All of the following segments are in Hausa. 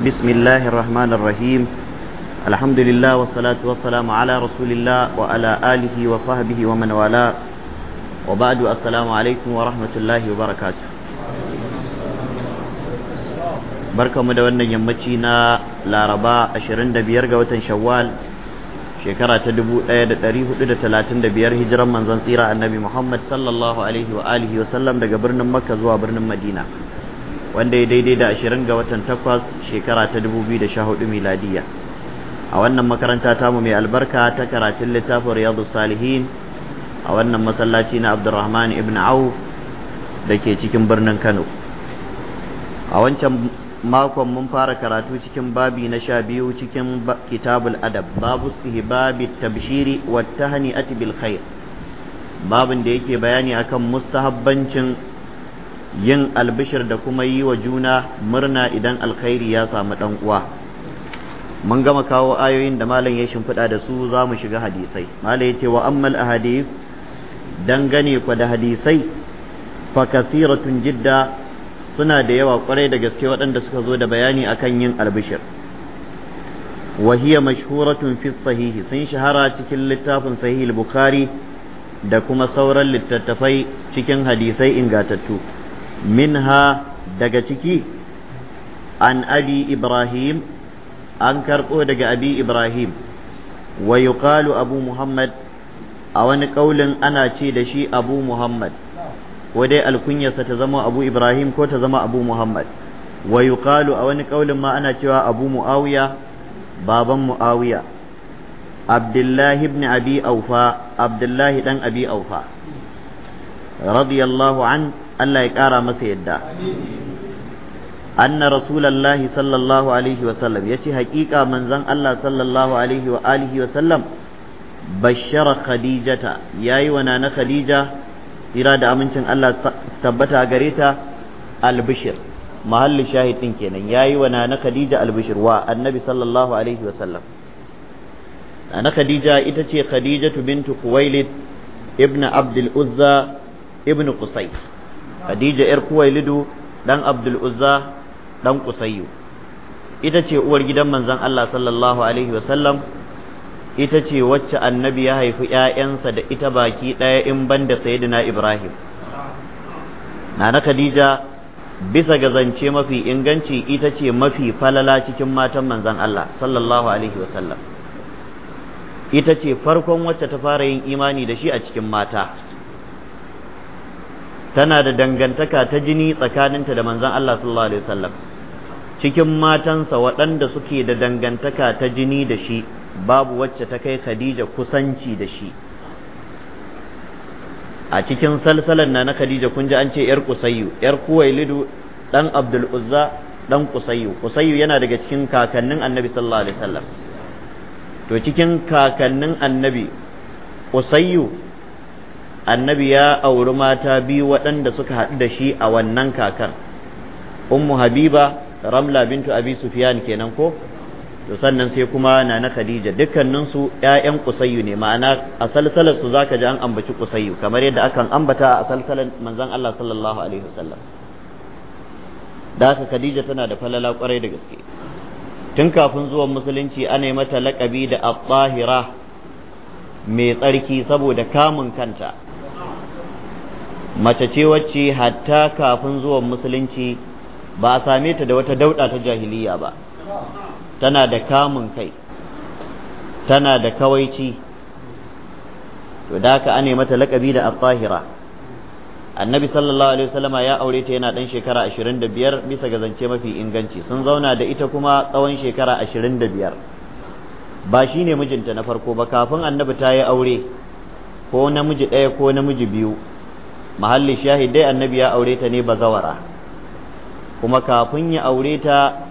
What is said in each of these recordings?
بسم الله الرحمن الرحيم الحمد لله والصلاة والسلام على رسول الله وعلى آله وصحبه ومن والاه وبعد السلام عليكم ورحمة الله وبركاته barka mu da wannan yammaci na laraba 25 ga watan shawwal shekara ta 1435 hijiran manzon tsira annabi muhammad sallallahu alaihi wa sallam daga birnin makka zuwa birnin madina wanda ya daidai da 20 ga watan takwas shekara ta 2014 miladiya a wannan makaranta tamu mai albarka ta karatun littafin riyadu salihin a wannan masallaci na abdurrahman ibn A'u da ke cikin birnin kano a wancan makon mun fara karatu cikin babi na sha biyu cikin kitabul adab babu istihbabi tabshiri wa tahni'ati bil khair babin da yake bayani akan mustahabbancin yin albishir da kuma yi wa juna murna idan alkhairi ya samu dan uwa mun gama kawo ayoyin da malam ya shimfiɗa da su za mu shiga hadisai malam ya ce wa ammal dangane ku da hadisai fa kasiratun jidda suna da yawa kwarai da gaske waɗanda suka zo da bayani akan yin albishir wa hiya mashhuratun fi sahihi sun shahara cikin littafin sahih bukhari da kuma sauran littattafai cikin hadisai ingatattu minha daga ciki an abi ibrahim an karɓo daga abi ibrahim wa yuqalu abu muhammad a wani ƙaulin ana ce da shi abu muhammad ko dai alkunyarsa ta zama abu ibrahim ko ta zama abu muhammad wa yuqalu a wani ƙaulin ma ana cewa abu muawiya baban muawiya abdullahi ibn abi aufa abdullahi dan abi aufa radiyallahu an Allah ya ƙara masa yadda anna rasulallahi sallallahu alaihi wasallam ya ce haƙiƙa manzan Allah sallallahu alaihi wa alihi wasallam bashara khadijata ya yi wa na khadija tsira da amincin Allah tabbata gare ta albishir mahallin shahid ɗin kenan ya yi wa na khadija albishir wa annabi sallallahu alaihi wasallam na khadija ita ce khadijatu bintu kuwailid ibn abdul uzza ibn qusay khadija yar kuwailidu dan abdul uzza dan kusayyu ita ce uwar gidan manzon Allah sallallahu alaihi wa sallam ita ce wacce annabi ya haifi ‘ya'yansa da ita baki ɗaya in ban da Sayyidina Ibrahim. Nana Khadija bisa ga zance mafi inganci ita ce mafi falala cikin matan manzan Allah sallallahu Alaihi wa sallam Ita ce farkon wacce ta fara yin imani da shi a cikin mata. tana da dangantaka ta jini tsakaninta da manzon Allah sallallahu alaihi wasallam cikin matansa waɗanda suke da dangantaka ta jini da shi babu wacce ta kai Khadija kusanci da shi a cikin salsalan na na Khadija kun ji an ce yar Qusayyu yar Kuwailidu dan Abdul Uzza dan Qusayyu Qusayyu yana daga cikin kakannin Annabi sallallahu alaihi wasallam to cikin kakannin Annabi Qusayyu annabi ya auri mata biyu waɗanda suka haɗu da shi a wannan kakan ummu habiba ramla bintu abi sufyan kenan ko to sannan sai kuma nana khadija dukkanin su ƴaƴan kusayyu ne ma'ana a salsalar su zaka ji an ambaci kusayyu kamar yadda akan ambata a salsalar manzon Allah sallallahu alaihi wasallam da haka khadija tana da falala kwarai da gaske tun kafin zuwan musulunci ana mata laƙabi da at mai tsarki saboda kamun kanta mace ce wacce hatta kafin zuwan musulunci ba a same ta da wata dauɗa ta jahiliya ba tana da kamun kai tana da kawaici to da ka ane mata lakabi da at-tahira annabi sallallahu alaihi wasallama ya aure ta yana dan shekara 25 bisa ga zance mafi inganci sun zauna da ita kuma tsawon shekara biyar. ba shine mijinta na farko ba kafin annabi ta yi aure ko namiji ɗaya ko namiji biyu mahalli dai annabi ya aure ta ne bazawara kuma kafin ya aure ta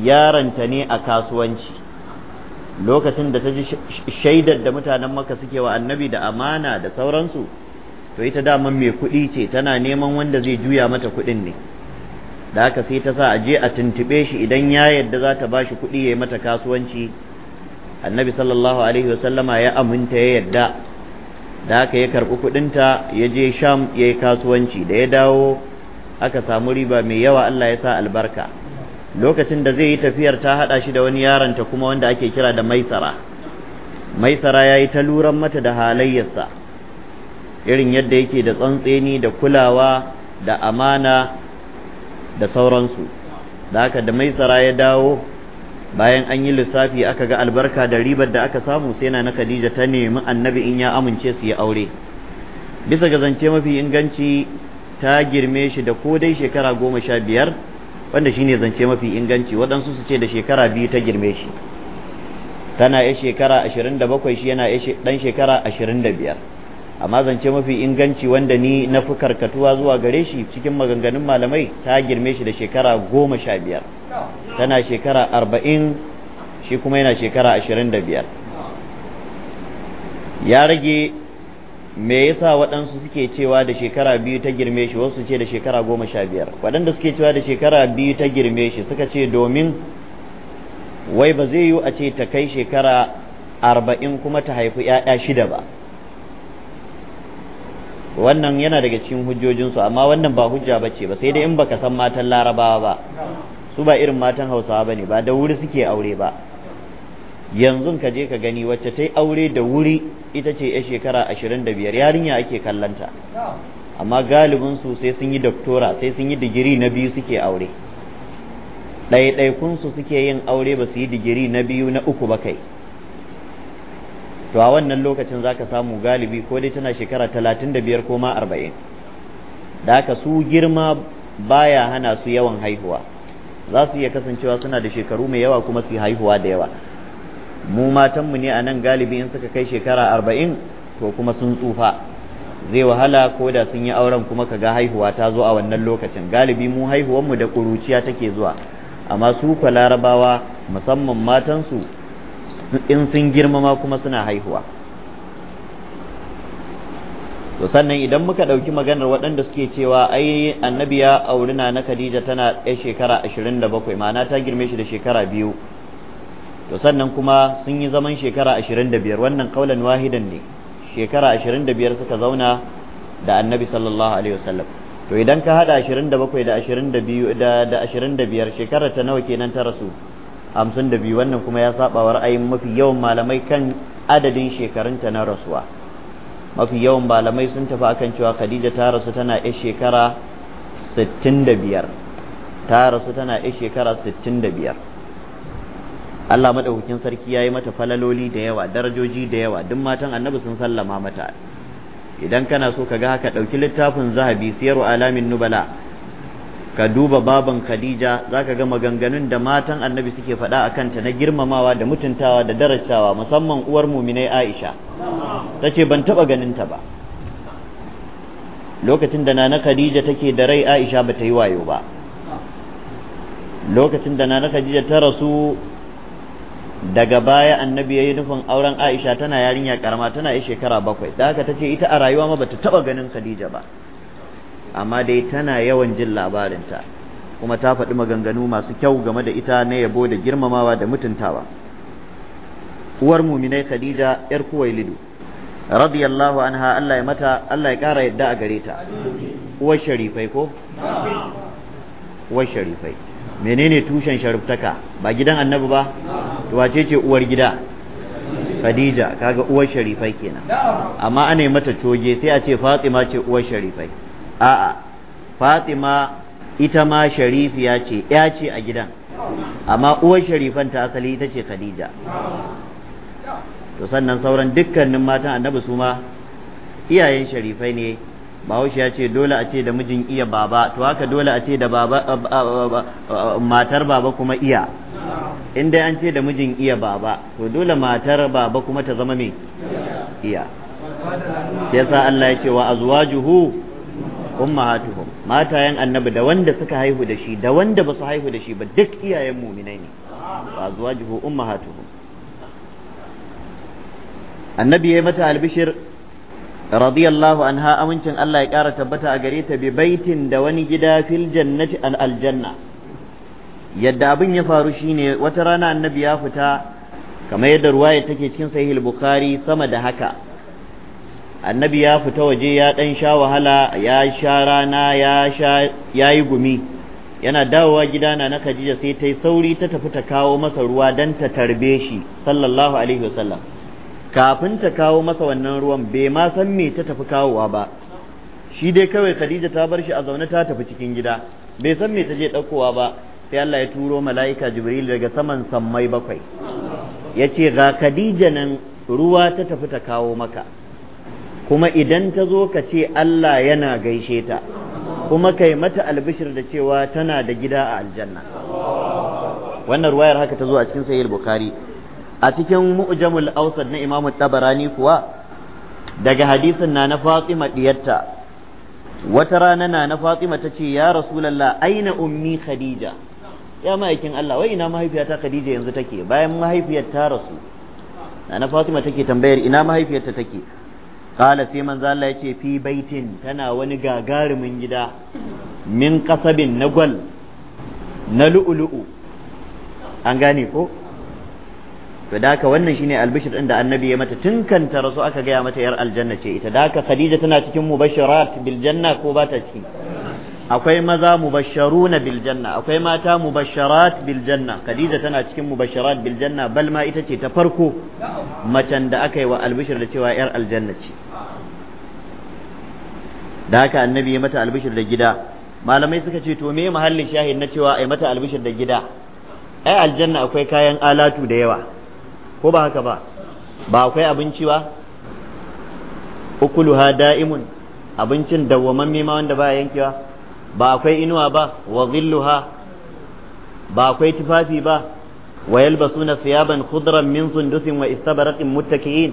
yaranta ne a kasuwanci lokacin da ta ji shaidar da mutanen maka suke wa annabi da amana da sauransu to ita dama mai kuɗi ce tana neman wanda zai juya mata kuɗin ne da haka sai ta sa a je a tuntuɓe shi idan ya yadda za ta bashi kudi kuɗi ya yi mata kasuwanci annabi sallallahu alaihi wasallama ya aminta ya yadda da aka ya karɓi kuɗinta ya je sham ya yi kasuwanci da ya dawo aka samu riba mai yawa Allah ya sa albarka lokacin da zai yi tafiyar ta haɗa shi da wani yaronta kuma wanda ake kira da maisara maisara ya yi ta luran mata da halayyarsa irin yadda yake da tsantseni da kulawa da amana da sauransu da aka da maisara ya dawo bayan an yi lissafi aka ga albarka da ribar da aka samu sai na na Khadija ta nemi annabi in ya amince su yi aure bisa ga zance mafi inganci ta girme shi da ko dai shekara goma sha biyar wanda shine zance mafi inganci waɗansu su ce da shekara biyu ta girme shi tana ya shekara ashirin da bakwai shi yana ɗan shekara ashirin da biyar amma zance mafi inganci wanda ni na fi karkatuwa zuwa gare shi cikin maganganun malamai ta girme shi da shekara goma sha biyar tana shekara arba'in shi kuma yana shekara ashirin da biyar ya rage me yasa waɗansu suke cewa da shekara biyu ta girme shi wasu ce da shekara goma sha biyar waɗanda suke cewa da shekara biyu ta girme shi suka ce domin wai ba zai yiwu a ce ta kai shekara arba'in kuma ta haifi 'ya'ya shida ba wannan yana daga cikin hujjojinsu amma wannan ba hujja ba ce ba sai dai in baka san matan larabawa ba su ba irin matan hausawa ba ne ba da wuri suke aure ba yanzu ka je ka gani wacce ta aure da wuri ita ce ya shekara ashirin da biyar yarinya ake kallanta amma galibin su sai sun yi doktora sai sun yi digiri na biyu suke aure ɗaiɗaikunsu suke yin aure ba su yi digiri na biyu na uku ba kai to a wannan lokacin za ka samu galibi ko dai tana shekara talatin da biyar ko ma arba'in da haka su girma baya hana su yawan haihuwa za su iya kasancewa suna da shekaru mai yawa kuma su haihuwa da yawa mu matanmu ne a nan galibi in suka kai shekara arba'in to kuma sun tsufa zai wahala ko da sun yi auren kuma kaga haihuwa ta zo a wannan lokacin galibi mu haihuwanmu da ƙuruciya take zuwa amma su kwa larabawa musamman matansu in sun girmama kuma suna haihuwa to sannan idan muka ɗauki maganar waɗanda suke cewa ai annabi ya auri na Khadija tana ɗaya shekara ashirin da bakwai ma'ana ta girme shi da shekara biyu to sannan kuma sun yi zaman shekara ashirin da biyar wannan kaulan wahidan ne shekara ashirin da biyar suka zauna da annabi sallallahu alaihi wasallam to idan ka haɗa ashirin da bakwai da ashirin da biyu da ashirin da biyar shekarar ta nawa kenan ta rasu hamsin da biyu wannan kuma ya saba wa ra'ayin mafi yawan malamai kan adadin shekarunta na rasuwa mafi yawan malamai sun tafi akan cewa khadija ta rasu tana 'ya shekara 65 ta rasu tana 'ya shekara 65 Allah madaukakin sarki yayi mata falaloli da yawa darajoji da yawa duk matan annabi sun sallama mata idan kana so ka ga haka ɗauki littafin zahabi siyarwa alamin nubala ka duba baban khadija zaka ga maganganun da matan annabi suke faɗa a kanta na girmamawa da mutuntawa da darasawa musamman uwar muminai aisha ta ce ban taɓa ganinta ba lokacin da nana khadija take da rai aisha ba ta yi wayo ba lokacin da nana khadija ta rasu daga baya annabi ya yi nufin auren aisha tana yarinya karama tana yi shekara bakwai da haka ta ce ita a rayuwa ma ta taba ganin khadija ba amma dai tana yawan jin labarinta kuma ta faɗi maganganu masu kyau game da ita na yabo da girmamawa da mutuntawa uwar muminai khadija yar kuwailidu radiyallahu anha Allah ya mata Allah ya ƙara yadda a gare ta uwar sharifai ko uwar sharifai menene tushen sharuftaka ba gidan annabi ba wace ce uwar gida khadija kaga uwar sharifai kenan amma ana mata coge sai a ce fatima ce uwar sharifai a'a fatima ita ma sharifiya ce ya ce a gidan amma uwar sharifan ta asali ita ce khadija to sannan sauran dukkanin matan annabi su ma iyayen sharifai ne bahaushe ya ce dole a ce da mijin iya baba to haka dole a ce da baba matar baba kuma iya in dai an ce da mijin iya baba to dole matar baba kuma ta zama mai iya shi yasa Allah ya ce wa azwajuhu ummahatuhum matayen annabi da wanda suka haihu da shi da wanda ba su haihu da shi ba duk iyayen muminai ne ba zuwa jihu ummahatuhum annabi ya mata albishir radiyallahu anha amincin Allah ya ƙara tabbata a gare ta bi baitin da wani gida fil jannati al aljanna yadda abin ya faru shine wata rana annabi ya fita kamar yadda ruwaya take cikin sahih bukhari sama da haka annabi ya fita waje ya ɗan sha wahala ya sha rana ya sha yi gumi yana dawowa gida na na Khadija sai ta yi sauri ta tafi ta kawo masa ruwa dan ta tarbe shi sallallahu alaihi wasallam kafin ta kawo masa wannan ruwan bai ma san me ta tafi kawowa ba shi dai kawai Khadija ta bar shi a zaune ta tafi cikin gida bai san me ta je ɗaukowa ba sai Allah ya turo mala'ika Jibril daga saman sammai bakwai ya ce ga Khadija nan ruwa ta tafi ta kawo maka kuma idan ta zo ka ce Allah yana gaishe ta kuma kai mata albishir da cewa tana da gida a aljanna wannan ruwayar haka ta zo a cikin sahih bukhari a cikin mu'jamul awsad na imamu tabarani kuwa daga hadisin na na fatima diyarta wata rana na na fatima ta ce ya rasulullah aina ummi khadija ya ma'aikin Allah wai ina mahaifiyata khadija yanzu take bayan mahaifiyar ta rasu na na fatima take tambayar ina mahaifiyarta take qala sai manzo Allah yace fi baitin tana wani gagarumin gida min kasabin na gwal na lu'ulu'u an gane ko to da haka wannan shine albishir din da annabi ya mata tun ta rasu aka gaya mata yar aljanna ce ita da haka khadija tana cikin mubashirat bil janna ko ba ta ciki akwai maza mubasharuna bil janna akwai mata mubasharat bil janna Khadija tana cikin mubasharat bil janna bal ma ita ce ta farko macen da aka yi wa albishir da cewa yar aljanna ce da haka annabi ya mata albishir da gida malamai suka ce to me mahallin shahid na cewa ai mata albishir da gida ai aljanna akwai kayan alatu da yawa ko ba haka ba ba akwai abinci ba ukuluha da'imun abincin dawwamamme ma wanda ba yankewa ba akwai inuwa ba wa zilluha ba akwai tufafi ba wa yalbasuna siyaban khudran min sundusin wa istabaraqin muttaki'in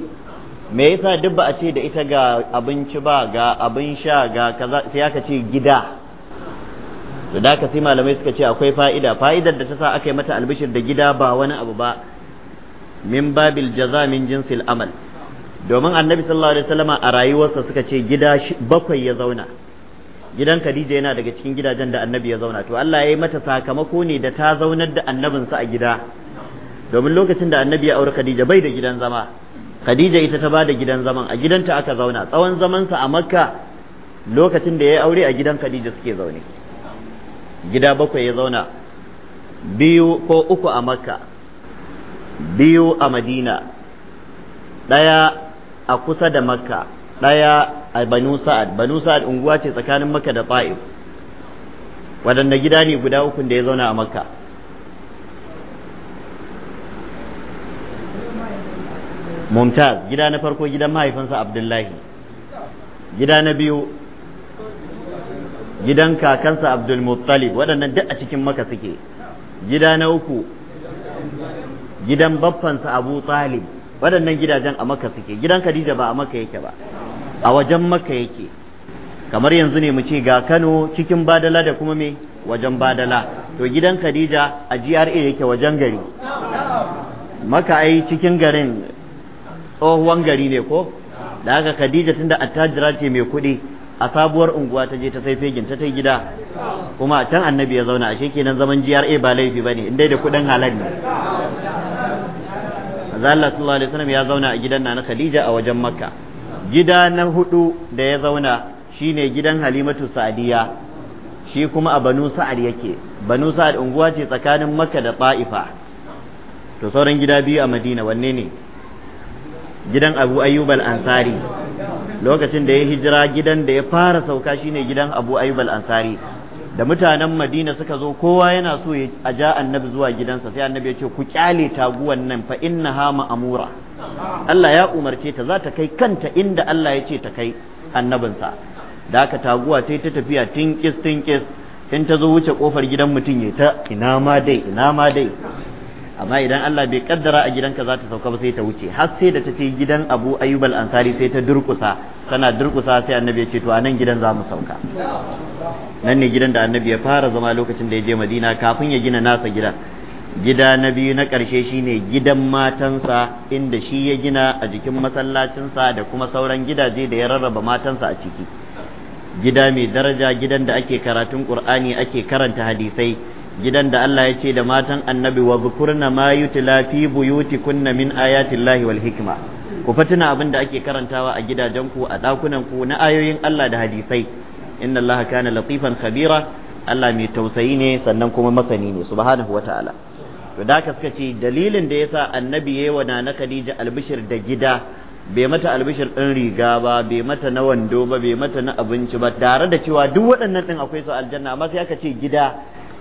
me yasa duk ba a ce da ita ga abinci ba ga abin sha ga kaza sai aka ce gida to da sai malamai suka ce akwai fa'ida fa'idar da ta sa aka yi mata albishir da gida ba wani abu ba min babil jaza min jinsil amal domin annabi sallallahu alaihi wasallama a rayuwarsa suka ce gida bakwai ya zauna gidan Khadija yana daga cikin gidajen da annabi ya zauna to Allah ya yi mata sakamako ne da ta zaunar da annabinsa a gida domin lokacin da annabi ya aure Khadija bai da gidan zama Khadija ita ta ba da gidan zaman a gidanta aka zauna tsawon zamansa a Makka lokacin da ya yi aure a gidan Khadija suke zaune gida bakwai ya zauna biyu ko uku a Makka biyu a Madina ɗaya a kusa da Makka ɗaya a banu sa'ad banu sa'ad unguwa ce tsakanin makka da ta'if waɗanda gida ne guda ukun da ya zauna a makka mumtaz gida na farko gidan mahaifinsa abdullahi gida na biyu gidan kakansa abdulmuttalib waɗannan duk a cikin maka suke gida na uku gidan baffansa abu talib waɗannan gidajen a maka suke gidan khadija ba a maka yake ba a wajen maka yake kamar yanzu ne mu ce ga kano cikin badala da kuma me wajen badala to gidan khadija a gra yake wajen gari maka ai cikin garin tsohuwan gari ne ko da haka khadija tunda attajira ce mai kuɗi a sabuwar unguwa ta je ta sai fegin ta tai gida kuma a can annabi ya zauna ashe kenan zaman GRA ba laifi bane in dai da kuɗin halal ne Allah sallallahu alaihi wasallam ya zauna a gidan na Khadija a wajen Makka gida na hudu da ya zauna shine gidan halimatu sa'diya shi kuma a banu sa'ad yake banu sa'ad unguwa ce tsakanin makka da ta'ifa to sauran gida biyu a madina wanne ne gidan abu ayyub al-ansari lokacin da ya hijira gidan da ya fara sauka shine gidan abu ayyub al-ansari da mutanen madina suka zo kowa yana so ya ja annabi zuwa gidansa sai annabi ya ce ku kyale taguwan nan fa innaha ma'amura Allah ya umarce ta za ta kai kanta inda Allah ya ce ta kai annabinsa da aka taguwa ta ta tafiya tinkis tinkis in ta zo wuce kofar gidan mutum ya ta ina ma dai ina ma dai amma idan Allah bai kaddara a gidanka za ta sauka ba sai ta wuce har sai da ta ce gidan Abu Ayyub al-Ansari sai ta durkusa tana durkusa sai annabi ya ce to anan gidan za mu sauka nan ne gidan da annabi ya fara zama lokacin da ya je Madina kafin ya gina nasa gidan gida na biyu na ƙarshe shine gidan matansa inda shi ya gina a jikin masallacinsa da kuma sauran gidaje da ya rarraba matansa a ciki gida mai daraja gidan da ake karatun ƙur'ani ake karanta hadisai gidan da Allah ya ce da matan annabi wa bukurna ma yutla fi kunna min ayatillahi wal hikma ku fatina abin da ake karantawa a gidajen ku a dakunan na ayoyin Allah da hadisai inna Allah kana latifan khabira Allah mai tausayi ne sannan kuma masani ne subhanahu wataala to da ka suka ce dalilin da yasa annabi yayi wa nana Khadija albishir da gida bai mata albishir ɗin riga ba bai mata na wando ba bai mata na abinci ba tare da cewa duk waɗannan din akwai su aljanna amma sai aka ce gida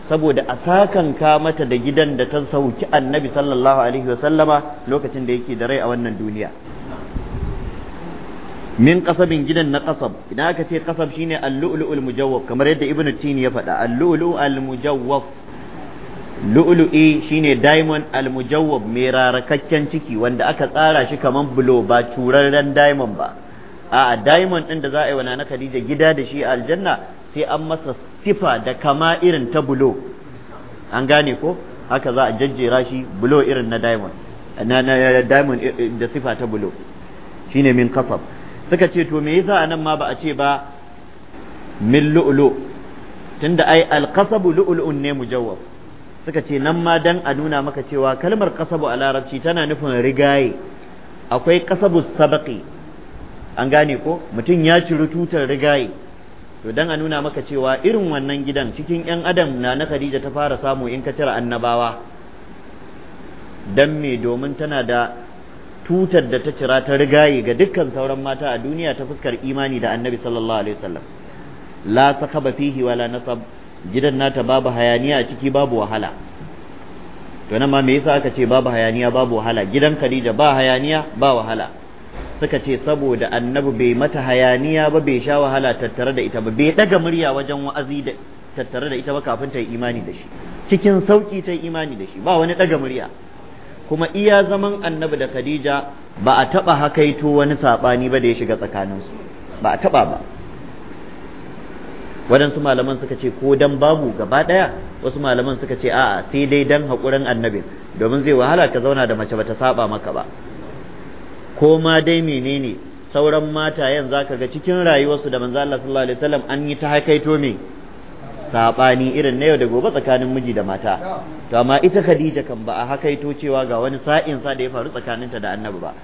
saboda a ka mata da gidan da ta sauki annabi sallallahu alaihi wasallama lokacin da yake da rai a wannan duniya min kasabin gidan na kasab idan aka ce kasab shine al-lu'lu'ul mujawwaf kamar yadda ibnu tini ya faɗa al luluul mujawwaf lu'lu'i shine diamond almujawwab mai rarakakken ciki wanda aka tsara shi kaman bulo ba turarren diamond ba a diamond din da za a yi wa na Khadija gida da shi aljanna sai an masa sifa da kama irin ta bulo an gane ko haka za a jajjera shi bulo irin na diamond na, na diamond eh, eh, da sifa ta bulo shine min kasab suka ce to me yasa anan ma ba a ce ba min lu'lu tunda ai alqasabu lu'lu'un ne mujawwab suka ce nan ma dan a nuna maka cewa kalmar kasabu a larabci tana nufin rigaye akwai kasabu sabaki an gane ko mutum ya ciri tutar rigaye to dan a nuna maka cewa irin wannan gidan cikin yan adam na na Khadija ta fara samu in ka cire annabawa dan me domin tana da tutar da ta cira ta rigaye ga dukkan sauran mata a duniya ta fuskar imani da annabi sallallahu alaihi wasallam la sakaba fihi wala nasab gidan nata babu hayaniya a ciki babu wahala to nan ma me yasa aka ce babu hayaniya babu wahala gidan Khadija ba hayaniya ba wahala suka ce saboda annabi bai mata hayaniya ba bai sha wahala tattare da ita ba bai daga murya wajen wa'azi da tattare da ita ba kafin ta yi imani da shi cikin sauki ta yi imani da shi ba wani daga murya kuma iya zaman annabi da Khadija ba a taba hakaito wani sabani ba da ya shiga tsakaninsu ba a taba ba waɗansu malaman suka ce ko dan babu gaba ɗaya wasu malaman suka ce a'a sai dai dan haƙurin annabin domin zai wahala ka zauna da mace bata saba maka ba ko ma dai menene sauran yanzu zaka ga cikin rayuwarsu da manzo Allah sallallahu alaihi wasallam an yi ta hakaito me sabani irin na yau da gobe tsakanin miji da mata to amma ita Khadija kan ba a hakaito cewa ga wani sa'in sa da ya faru tsakaninta da annabi ba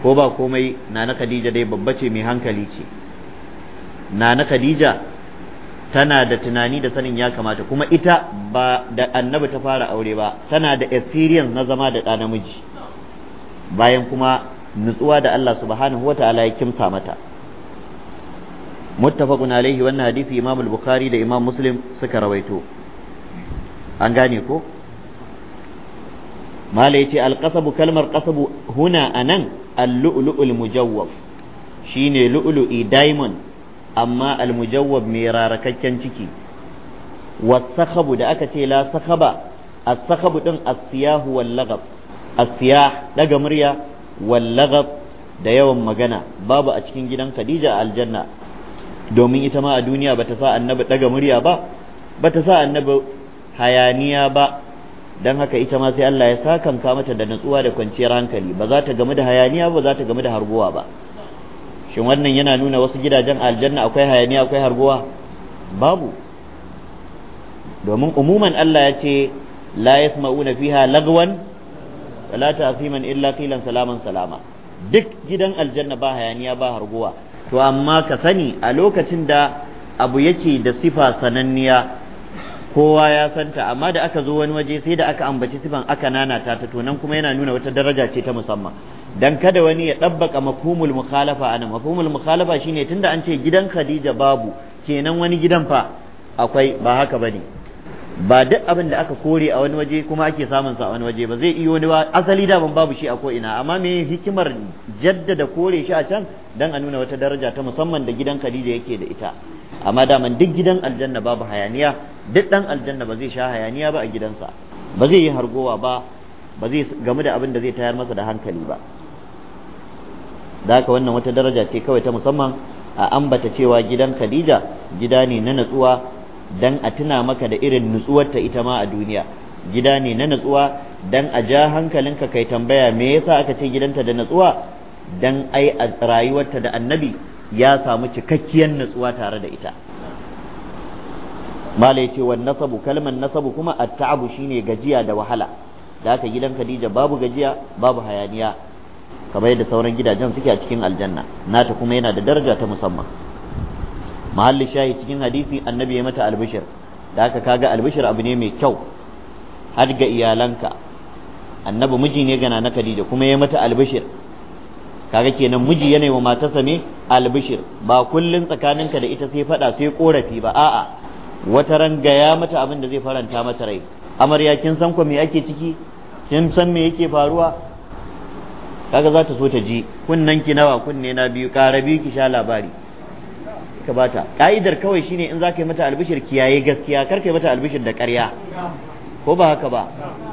ko ba komai nana Khadija dai babba ce mai hankali ce nana Khadija tana da tunani da sanin ya kamata kuma ita ba da annabi ta fara aure ba tana da experience na zama da ɗa namiji bayan kuma nutsuwa da Allah subhanahu wa ta'ala ya kimsa mata muttafaqun alaihi wannan hadisi Imam al-Bukhari da Imam Muslim suka rawaito an gane ko malai yace al kalmar qasabu huna anan al-lu'lu'ul mujawwaf shine lu'lu'i diamond amma almujawwab mai rarakakken ciki wasakhabu da aka ce la sakhaba as-sakhabu din as-siyahu wal laghab as-siyah daga murya wal laghab da yawan magana babu a cikin gidan Khadija a aljanna domin ita ma a duniya bata sa annabi daga murya ba bata sa annabi hayaniya ba dan haka ita ma sai Allah ya sakanka mata da natsuwa da kwanciyar hankali ba za ta gamu da hayaniya ba za ta gamu da harbuwa ba shin wannan yana nuna wasu gidajen aljanna akwai hayaniya akwai harguwa babu domin umuman Allah ya ce la yasma'una fiha lagwan wala ta'siman illa qilan salaman salama duk gidan aljanna ba hayaniya ba harguwa to amma ka sani a lokacin da abu yake da sifa sananniya kowa ya santa amma da aka zo wani waje sai da aka ambaci sifan aka nanata ta to nan kuma yana nuna wata daraja ce ta musamman dan kada wani ya dabbaka mafhumul mukhalafa ana mafhumul mukhalafa shine tunda an ce gidan Khadija babu kenan wani gidan fa akwai ba haka bane ba duk abin da aka kore a wani waje kuma ake samun sa a wani waje ba zai iyo wani asali da ban babu shi a ko ina amma me hikimar jaddada kore shi a can dan a nuna wata daraja ta musamman da gidan Khadija yake da ita amma daman duk gidan aljanna babu hayaniya duk dan aljanna ba zai sha hayaniya ba a gidansa ba zai yi hargowa ba ba zai gamu da abin da zai tayar masa da hankali ba da haka wannan wata daraja ce kawai ta musamman a ambata cewa gidan Khadija gida ne na natsuwa dan a tuna maka da irin nutsuwar ta ita ma a duniya gida ne na natsuwa dan a ja hankalinka kai tambaya me yasa aka ce gidanta da natsuwa dan ai a rayuwarta da annabi ya samu cikakkiyar natsuwa tare da ita mala yace wan nasabu kalman nasabu kuma at-ta'abu shine gajiya da wahala da haka gidan Khadija babu gajiya babu hayaniya kamar yadda sauran gidajen suke a cikin aljanna nata kuma yana da daraja ta musamman mahalli shahi cikin hadisi annabi ya mata albishir da haka kaga albishir abu ne mai kyau har ga iyalanka annabi miji ne ga na Khadija kuma ya mata albishir kaga kenan miji yana wa matarsa ne albishir ba kullun tsakaninka da ita sai fada sai korafi ba a'a wata ran ya mata abin da zai faranta mata rai amarya kin san ko me ake ciki kin san me yake faruwa kaga za ta so ta ji kunnen ki nawa kunne na biyu ƙara biyu ki sha labari ka bata ka'idar kawai shine in za ka yi mata albishir kiyaye gaskiya kar ka yi mata albishir da ƙarya ko ba haka ba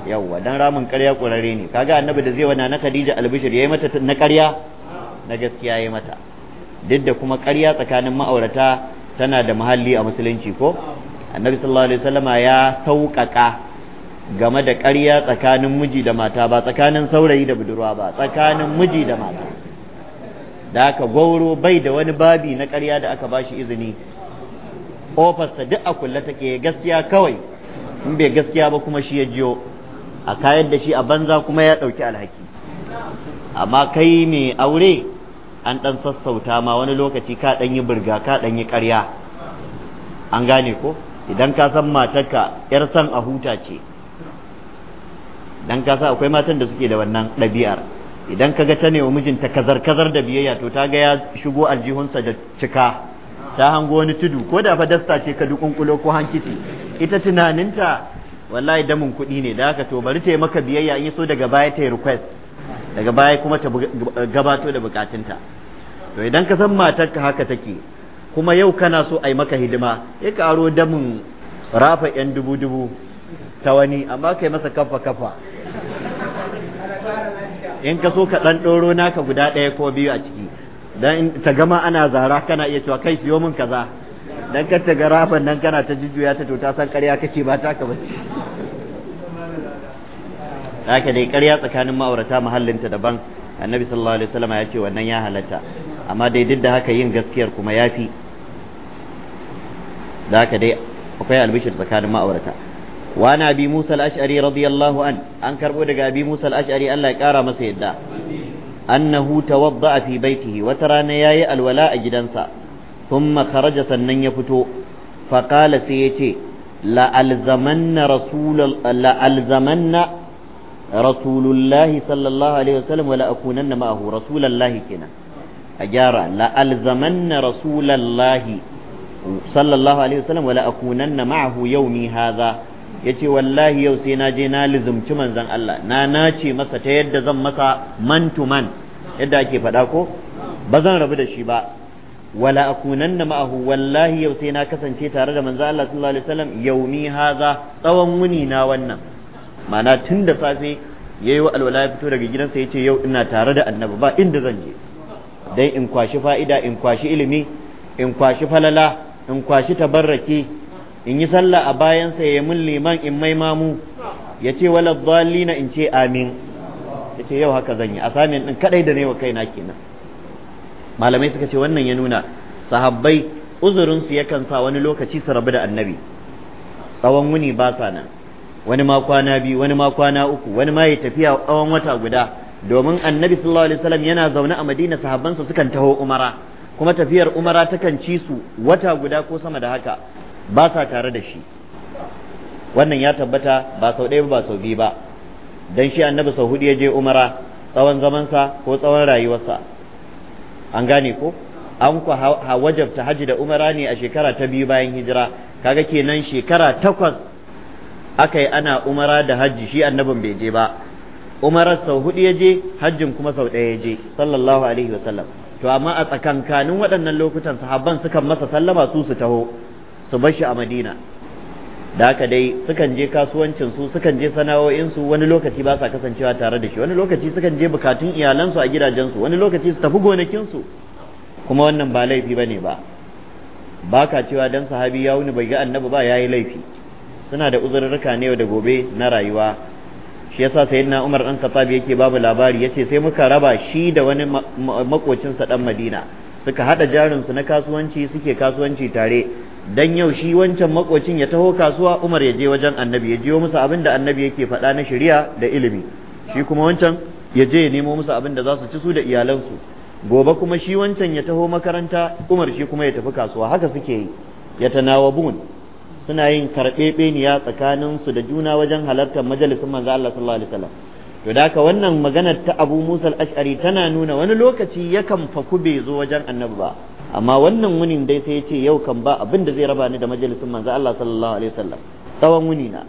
yawwa dan ramin ƙarya ƙurare ne kaga annabi da zai wana na Khadija albishir yayi mata na ƙarya na gaskiya yayi mata duk da kuma ƙarya tsakanin ma'aurata tana da muhalli a musulunci ko annabi sallallahu alaihi wasallama ya sauƙaƙa game da ƙarya tsakanin miji da mata ba tsakanin saurayi da budurwa ba tsakanin miji da mata da aka gauro bai da wani babi na ƙarya da aka bashi izini ofarsa duk a kulle take gaskiya kawai in bai gaskiya ba kuma shi ya jiyo a kayan da shi a banza kuma ya ɗauki alhaki amma kai mai aure an ɗan sassauta ma wani lokaci ka ɗan yi burga ka ɗan yi ƙarya an gane ko idan ka san matarka 'yar san a huta ce dan kasa akwai matan da suke da wannan ɗabi'ar idan ka ga ta ne wa mijinta kazar kazar da biyayya to ta ga ya shigo aljihunsa da cika ta hango wani tudu ko da fa dasta ce ka dukunkulo ko hankiti ita tunaninta wallahi damin kuɗi ne da haka to bari ta yi maka biyayya in so daga baya ta yi request daga baya kuma ta gabato da bukatunta to idan ka san matar ka haka take kuma yau kana so a yi maka hidima ya karo damin rafa yan dubu dubu ta wani amma kai masa kafa kafa in ka so ka ɗan ɗoro naka guda ɗaya ko biyu a ciki dan ta gama ana zara kana iya cewa kai siyo min kaza dan ka taga rafan nan kana ta jujjuya ta to ta san ƙarya kace ba ta ka bace haka dai ƙarya tsakanin ma'aurata mahallinta daban annabi sallallahu alaihi wasallam ya ce wannan ya halatta amma dai duk da haka yin gaskiyar kuma yafi da haka dai akwai albishir tsakanin ma'aurata wa na bi Musa al-Ash'ari radiyallahu an an karbo daga bi Musa al-Ash'ari Allah ya kara masa yadda annahu tawadda'a fi baitihi wata rana yayi alwala a gidansa thumma kharaja sannan ya fito fa qala sai yace la alzamanna rasul la rasulullahi sallallahu alaihi wasallam wala akunanna ma'ahu rasulullahi kenan a gyara la alzamanna rasulullahi sallallahu alaihi wasallam wala ma'ahu ya ce wallahi yau sai na je na lizumci manzan Allah na nace masa ta yadda zan masa man to man yadda ake faɗa ko ba zan rabu da shi ba wala na ma'ahu wallahi yau sai na kasance tare da manzan Allah sallallahu alaihi wasallam yaumi haza tsawon wuni na wannan ma'ana tun da safe yayi wa alwala ya fito daga gidansa ce yau ina tare da annabi ba inda zan je dan in kwashi fa'ida in kwashi ilimi in kwashi falala in kwashi tabarraki in yi sallah a bayansa ya mun liman in mai mamu ya ce wala dhalina in ce amin ya ce yau haka zan yi A samin din kadai da ne wa kaina kenan malamai suka ce wannan ya nuna sahabbai uzurinsu yakan sa wani lokaci su rabu da annabi tsawon wuni ba sa nan wani ma kwana biyu wani ma kwana uku wani ma ya tafiya tsawon wata guda domin annabi sallallahu alaihi wasallam yana zaune a madina sa sukan taho umara kuma tafiyar umara takan ci su wata guda ko sama da haka ba sa tare da shi wannan ya tabbata ba sau ɗaya ba sau biyu ba dan shi annabi sau hudu ya je umara tsawon zamansa ko tsawon rayuwarsa an gane ko an ku wajabta haji da umara ne a shekara ta biyu bayan hijira kaga kenan shekara takwas aka yi ana umara da hajji shi annabin bai je ba umarar sau hudu ya je hajjin kuma sau ɗaya ya je sallallahu alaihi wasallam to amma a tsakankanin waɗannan lokutan sahabban sukan masa sallama su su taho su bar shi a madina da haka dai sukan je kasuwancin su sukan je sana'o'insu su wani lokaci ba sa kasancewa tare da shi wani lokaci sukan je bukatun iyalansu a gidajensu wani lokaci su tafi gonakinsu kuma wannan ba laifi bane ba ba ka cewa dan sahabi ya wuni bai ga annabi ba yayi laifi suna da uzurruka ne da gobe na rayuwa shi yasa sayyidina Umar dan Khattab yake babu labari yace sai muka raba shi da wani makocinsa dan Madina suka hada jarin su na kasuwanci suke kasuwanci tare dan yau shi wancan makocin ya taho kasuwa Umar ya je wajen annabi ya jiyo musu abin da annabi yake faɗa na shari'a da ilimi shi kuma wancan ya je ya nemo musu abin da za su ci su da iyalansu gobe kuma shi wancan ya taho makaranta Umar shi kuma ya tafi kasuwa haka suke yi ya tanawabun suna yin karɓeɓeniya tsakanin su da juna wajen halartar majalisin manzo Allah sallallahu alaihi wasallam to da haka wannan maganar ta Abu Musa al-Ash'ari tana nuna wani lokaci yakan fa fakube zo wajen annabi ba amma wannan wunin dai sai ya ce yau kan ba abin da zai raba ni da majalisin manzo Allah sallallahu alaihi wasallam tsawon wuni na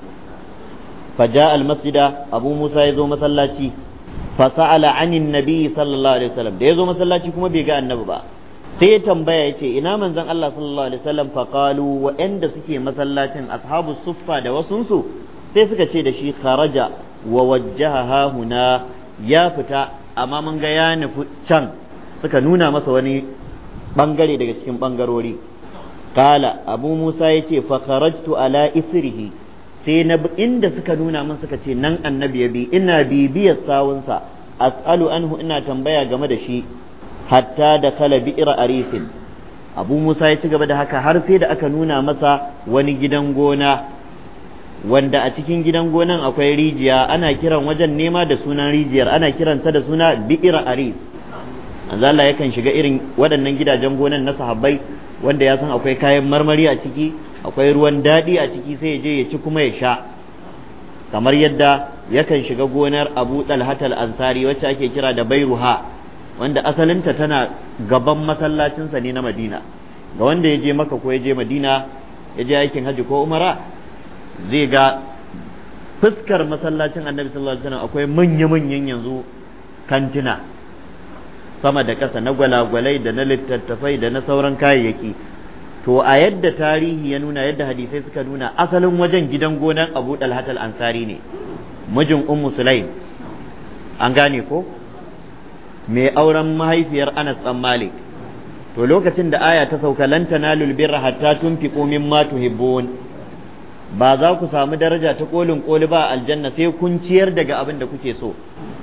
faja almasjida abu musa ya zo masallaci sa'ala anin nabi sallallahu alaihi wasallam da ya zo masallaci kuma bai ga annabi ba sai ya tambaya ya ce ina manzon Allah sallallahu alaihi wasallam wa waɗanda suke masallacin ashabu suffa da wasunsu sai suka ce da shi kharaja wa wajjaha huna ya fita amma mun ga ya nufi can suka nuna masa wani bangare daga cikin bangarori kala abu musa ya ce fakarajtu ala isrihi sai na inda suka nuna min suka ce nan annabi ya bi ina bibiyar sawunsa as'alu anhu ina tambaya game da shi hatta da kala bi'ira arifin abu musa ya ci gaba da haka har sai da aka nuna masa wani gidan gona wanda a cikin gidan gonan akwai rijiya ana kiran wajen nema da sunan rijiyar ana kiranta da suna bi'ira aris anzala yakan shiga irin waɗannan gidajen gonan na sahabbai wanda ya san akwai kayan marmari a ciki akwai ruwan daɗi a ciki sai ya je ya ci kuma ya sha kamar yadda yakan shiga gonar Abu Talhatal Ansari wacce ake kira da Bairuha wanda asalinta tana gaban masallacinsa ne na Madina ga wanda ya je maka ko ya je Madina ya je aikin hajji ko Umara zai ga fuskar masallacin annabi sallallahu alaihi wasallam akwai manya-manyan yanzu kantina sama da ƙasa na gwalagwalai da na littattafai da na sauran kayayyaki to a yadda tarihi ya nuna yadda hadisai suka nuna asalin wajen gidan gonan abu dalhatal ansari ne mijin ummu sulaim an gane ko mai auren mahaifiyar anas dan malik to lokacin da aya ta sauka lan tanalul birra hatta tunfiqu mimma tuhibbun ba za ku samu daraja ta kolin koli ba aljanna sai kun ciyar daga abin da kuke so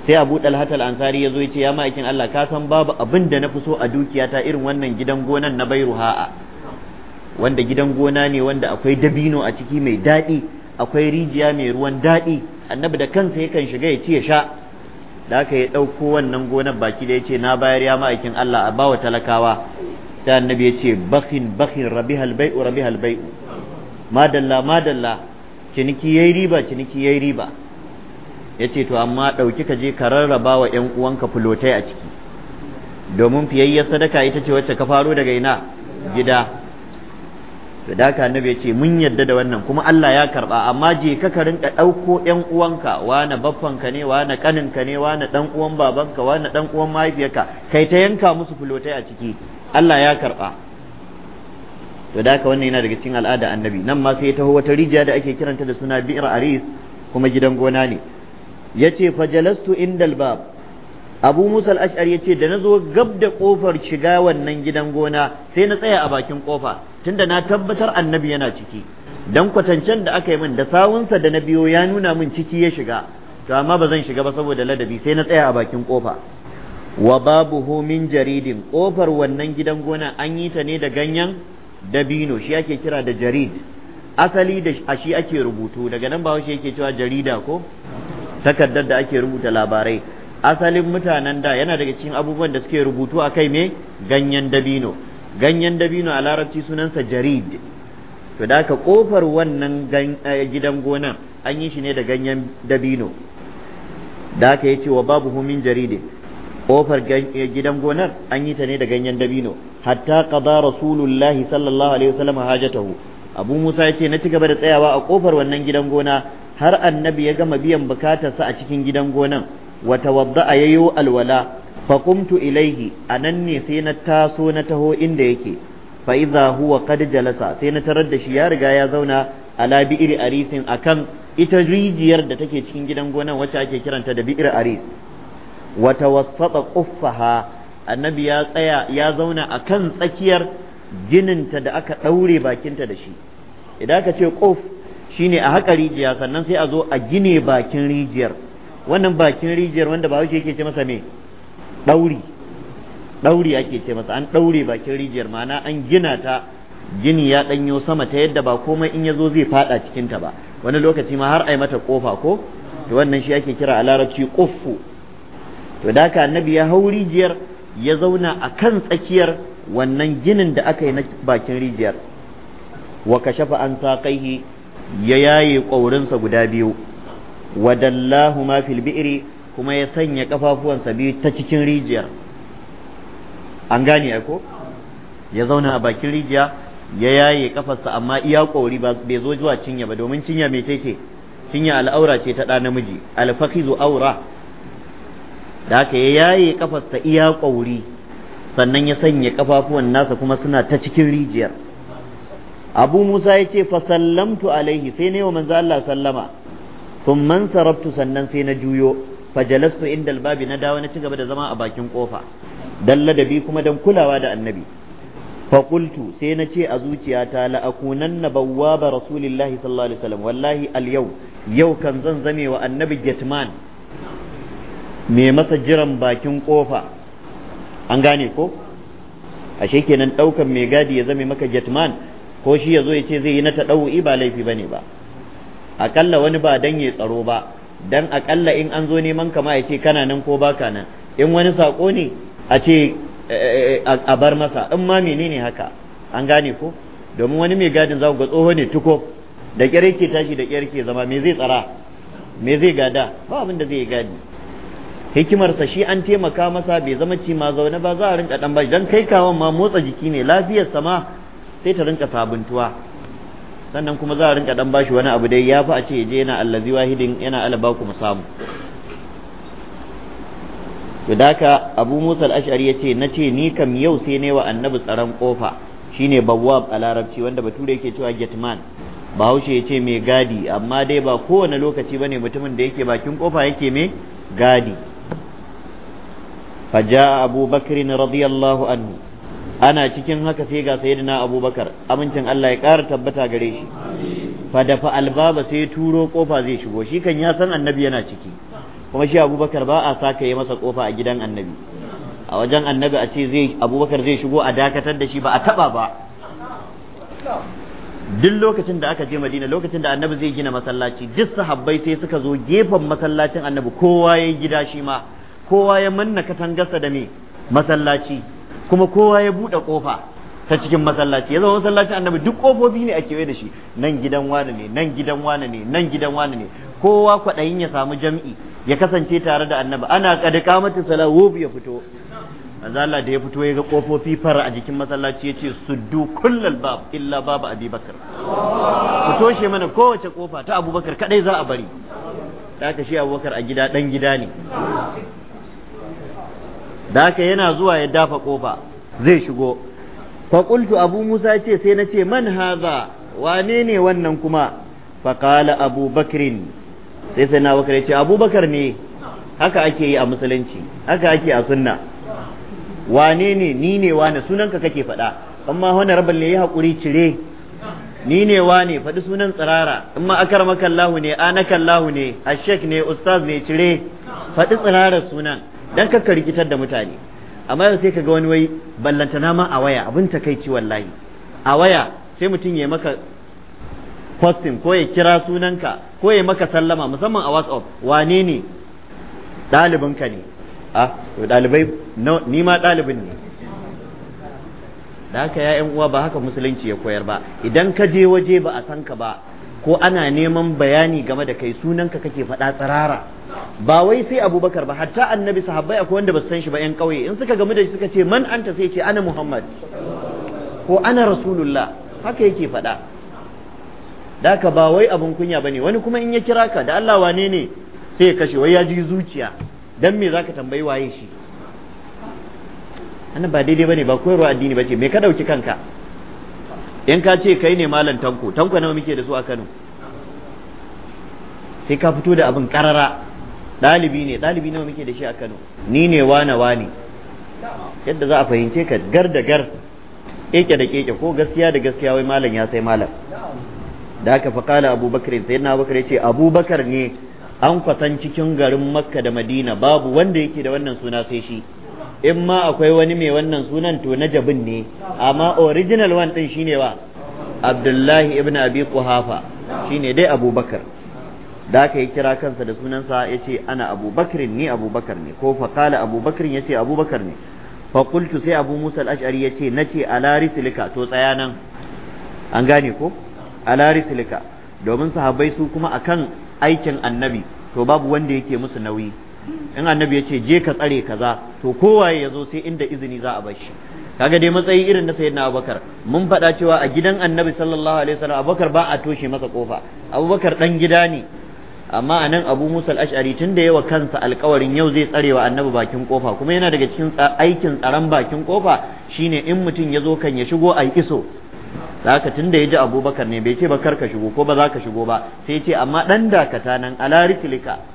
sai abu dalhatal ansari ya zo ya ce ya ma'aikin Allah ka san babu abin da na fi so a dukiyata irin wannan gidan gonan na bairu ha'a wanda gidan gona ne wanda akwai dabino a ciki mai daɗi akwai rijiya mai ruwan daɗi annabi da kansa yakan shiga ya ci ya sha da aka ya ɗauko wannan gonar baki da ya ce na bayar ya ma'aikin Allah a bawa talakawa sai annabi ya ce bakhin bakhin rabihal bai'u rabihal bai'u madalla madalla ciniki yayi riba ciniki yayi riba yace to amma ɗauki ka je ka rarraba wa ƴan uwanka fulotai a ciki domin fiyayyar sadaka ita ce wacce ka faro daga ina gida to da haka annabi yace mun yadda da wannan kuma Allah ya karba amma je ka ka rinka ɗauko ƴan uwanka wani baffanka ne wani ka ne wani dan uwan babanka wani dan uwan mahaifiyarka kai ta yanka musu fulotai a ciki Allah ya karba to da haka wannan yana daga cikin al'ada annabi nan ma sai ya taho wata rijiya da ake kiranta da suna bi'ir aris kuma gidan gona ne yace jalastu indal bab abu musa al-ash'ari yace da nazo gab da kofar shiga wannan gidan gona sai na tsaya a bakin kofa tunda na tabbatar annabi yana ciki dan kwatancen da aka yi min da sawunsa da na biyo ya nuna min ciki ya shiga to amma ba zan shiga ba saboda ladabi sai na tsaya a bakin kofa wa babu min jaridin kofar wannan gidan gona an yi ta ne da ganyen dabino shi ake kira da jarid asali da a shi ake rubutu daga nan bahaushe yake cewa jarida ko takardar da ake rubuta labarai asalin mutanen da yana daga cikin abubuwan da suke rubutu a kai me ganyen dabino ganyen dabino a larabci sunansa jarid to da ka kofar wannan eh, gidan gona an yi shi ne da ganyen dabino da aka yi wa babu humin jaridin kofar eh, gidan gonar an yi ta ne da ganyen dabino hatta qada rasulullahi sallallahu alaihi wasallam hajatahu abu musa yace na ci gaba da tsayawa a kofar wannan gidan gona har annabi ya gama biyan bukatarsa a cikin gidan gonan wa tawadda'a yayo alwala fa qumtu ilaihi anan ne sai na taso na taho inda yake fa idza huwa qad jalasa sai na tarar da shi ya riga ya zauna ala bi'ir arisin akan ita rijiyar da take cikin gidan gonan wacce ake kiranta da bi'ir aris wata wasata quffaha annabi ya tsaya ya zauna a kan tsakiyar ta da aka daure bakinta da shi idan ka ce quff shine a haka rijiya sannan sai a zo a gine bakin rijiyar wannan bakin rijiyar wanda ba yake ce masa me dauri dauri ake ce masa an daure bakin rijiyar ma'ana an gina ta gini ya danyo sama ta yadda ba komai in ya zo zai fada ta ba wani lokaci ma har ai mata kofa ko to wannan shi ake kira a larabci quffu to da haka annabi ya hau rijiyar ya zauna a kan tsakiyar wannan ginin da aka yi na bakin rijiyar wa kashafa an saƙaihi ya yaye ƙwaurinsa guda biyu wa dallahu ma fil bi'ri kuma ya sanya kafafuwansa biyu ta cikin rijiyar an gane ko ya zauna a bakin rijiya ya yaye kafarsa amma iya ƙwauri bai zo zuwa cinya ba domin cinya mai ce cinya al'aura ce ta ɗa namiji alfakizu aura da haka ya yaye kafarsa iya ƙauri sannan ya sanya kafafuwan nasa kuma suna ta cikin rijiyar abu musa ya ce fa sallamtu alaihi sai ne wa manzo Allah sallama sun man sarabtu sannan sai na juyo fa jalastu inda albabi na dawo na ci gaba da zama a bakin kofa dan ladabi kuma dan kulawa da annabi fa sai na ce a zuciyata la akunanna ba rasulillahi sallallahu alaihi wasallam wallahi al yau yau kan zan zame wa annabi getman mai masa jiran bakin kofa an gane ko ashe kenan ɗaukan mai gadi ya zama maka jetman ko shi ya zo ya ce zai yi na ta ɗau'i ba laifi ba ne ba aƙalla wani ba dan ya tsaro ba dan aƙalla in an zo neman kama ya ce kana nan ko baka nan in wani saƙo ne a ce eh, eh, a bar masa in ma menene haka an gane ko domin wani mai gadin za ga tsoho ne tuko da ƙyar yake tashi da ƙyar yake zama me zai tsara me zai gada ba abin da zai gadi hikimarsa shi an taimaka masa bai zama ci ma zaune ba za a rinka dan bashi dan kai kawon ma motsa jiki ne sa ma sai ta rinka sabuntuwa sannan kuma za a rinka dan bashi wani abu dai ya fi a ce je yana allazi wahidin yana alaba ku musamu. samu to daka abu musa al-ash'ari yace nace ni kam yau sai ne wa annabi tsaron kofa shine bawwab a larabci wanda bature yake cewa getman bahaushe yace mai gadi amma dai ba kowane lokaci bane mutumin da yake bakin kofa yake mai gadi فجاء أبو بكر رضي الله عنه أنا cikin haka sai ga sayyidina abubakar amincin Allah ya ƙara tabbata gare shi fa da fa albaba sai turo kofa zai shigo shi kan ya san annabi yana ciki kuma shi abubakar ba a saka masa kofa a gidan annabi a wajen annabi a ce zai abubakar zai shigo a dakatar da shi ba a taba ba duk lokacin da aka je madina lokacin da annabi zai gina masallaci duk sahabbai sai suka zo gefen masallacin annabi kowa ya gida shi ma kowa ya manna katangarsa da me masallaci kuma kowa ya buɗe ƙofa ta cikin masallaci ya zama masallacin annabi duk ƙofofi ne a kewaye da shi nan gidan wani ne nan gidan wani ne nan gidan wani ne kowa kwaɗayin ya samu jam'i ya kasance tare da annabi ana kadaka mata sala ya fito azala da ya fito ya ga kofofi fara a jikin masallaci ya ce suddu kullal bab illa babu abubakar ku toshe mana kowace kofa ta abubakar kadai za a bari da aka shi abubakar a gida dan gida ne da haka yana zuwa ya dafa kofa zai shigo fa qultu abu musa ce sai na ce man hadha wane ne wannan kuma fa qala abu bakrin sai sai na bakar ce abu bakar ne haka ake yi a musulunci haka ake a sunna wane ne ni ne wane sunanka kake faɗa amma wani rabal ne ya haƙuri cire ni ne wane faɗi sunan tsirara in ma akar makallahu ne anakallahu ne ashek ne ustaz ne cire faɗi tsirarar sunan dan kakka rikitar da mutane amma yau sai ka ga wani wai na ma a waya abin ta ci wallahi a waya sai mutum ya maka posting ko ya kira sunanka ko ya maka sallama musamman a whatsapp wane ne ɗalibinka ne ah to ɗalibai ni ma ɗalibin ne da haka ya uwa ba haka musulunci ya koyar ba idan ka je waje ba a san ka ba ko ana neman bayani game da kai sunanka kake faɗa tsarara ba wai sai abubakar ba hatta annabi sahabbai akwai wanda ba san shi ba yan kauye in suka gamu da shi suka ce man anta sai ce ana muhammad ko ana rasulullah haka yake faɗa daka ba wai abun kunya bane wani kuma in ya kira ka da Allah wane ne sai ya kashe wai ya ji zuciya dan me zaka tambayi waye shi Ana ba daidai bane ba koyarwa addini bace me ka dauki kanka in ka ce kai ne malam tanko tanko nawa muke da su a Kano sai ka fito da abin karara Dalibi ne dalibi nawa muke da shi a Kano ni ne wane wane yadda za a fahimce ka gar da gar keke da keke ko gaskiya da gaskiya wai malam ya sai malam da aka faƙala abubakar sai na abubakar ya ce abubakar ne an kwasan cikin garin makka da madina babu wanda yake da wannan suna sai shi in ma akwai wani mai wannan sunan to na jabin ne amma original one din shine wa abdullahi ibn abi quhafa shine dai abubakar da aka yi kira kansa da sunansa ya ce ana abubakarin ni abubakar ne ko faƙala abubakarin ya ce abubakar ne fakultu sai abu musa al'ashari ya ce na ce alari silika to tsaya nan an gane ko alari silika domin sahabbai su kuma akan aikin annabi to babu wanda yake musu nauyi in annabi ya ce je ka tsare kaza to kowaye ya zo sai inda izini za a bar shi kaga dai matsayi irin na sayyidina abubakar mun faɗa cewa a gidan annabi sallallahu alaihi wasallam abubakar ba a toshe masa kofa abubakar dan gida ne amma anan abu musa al-ash'ari tun da yawa kansa alkawarin yau zai tsarewa annabi bakin kofa kuma yana daga cikin aikin tsaron bakin kofa shine in mutum ya zo kan ya shigo a iso zaka tun da ya ji abubakar ne bai ce ba kar ka shigo ko ba za ka shigo ba sai ce amma dan dakata nan ala riklika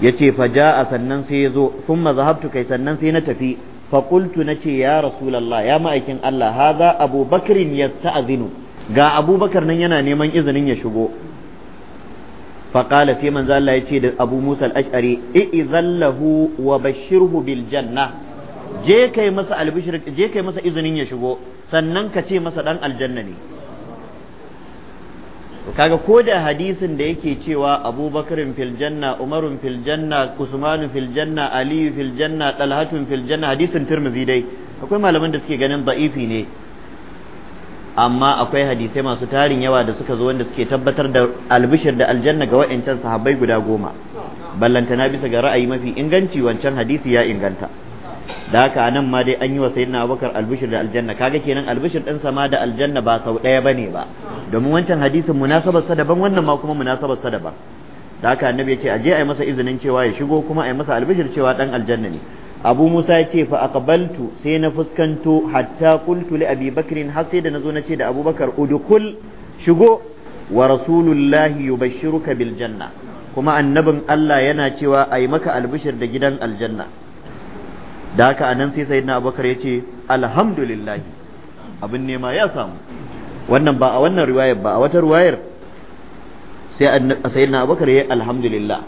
yace fa a sannan sai zo sun zahabtu kai sannan sai na tafi fa na ce ya rasulallah ya ma'aikin Allah haza abubakrin yasta'zinu ga abubakar nan yana neman izinin ya shigo Faƙala qala sai manzo Allah ce da Abu Musa al-Ash'ari zallahu wa bashirhu bil janna je kai masa albishir je kai masa izinin ya shigo sannan ka ce masa dan aljanna ne kaga ko da hadisin da yake cewa abubakarin filjanna umarun filjanna usmanu filjanna aliyu filjanna ɗalhatun filjanna hadisin turmuzi dai akwai malaman da suke ganin da'ifi ne amma akwai hadisai masu tarin yawa da suka zo wanda suke tabbatar da albishir da aljanna ga wa'ancan sahabbai guda goma ballantana bisa ga ra'ayi mafi inganci wancan hadisi ya inganta da haka anan ma dai an yi wa sayyidina abubakar albishir da aljanna kaga kenan albishir din sama da aljanna ba sau ɗaya bane ba domin wancan hadisin munasabar sa daban wannan ma kuma munasabar sa daban da haka annabi yace aje ai masa izinin cewa ya shigo kuma ai masa albishir cewa dan aljanna ne abu musa ya ce fa aqbaltu sai na fuskanto hatta qultu li abi bakrin har sai da nazo na ce da abubakar udkul shigo wa rasulullahi yubashshiruka bil janna kuma annabin Allah yana cewa ai maka albishir da gidan aljanna da haka nan sai sayyidina abubakar ya ce alhamdulillah abin nema ya samu wannan ba a wannan riwayar ba a wata riwayar sai a sayyidina abubakar ya yi alhamdulillah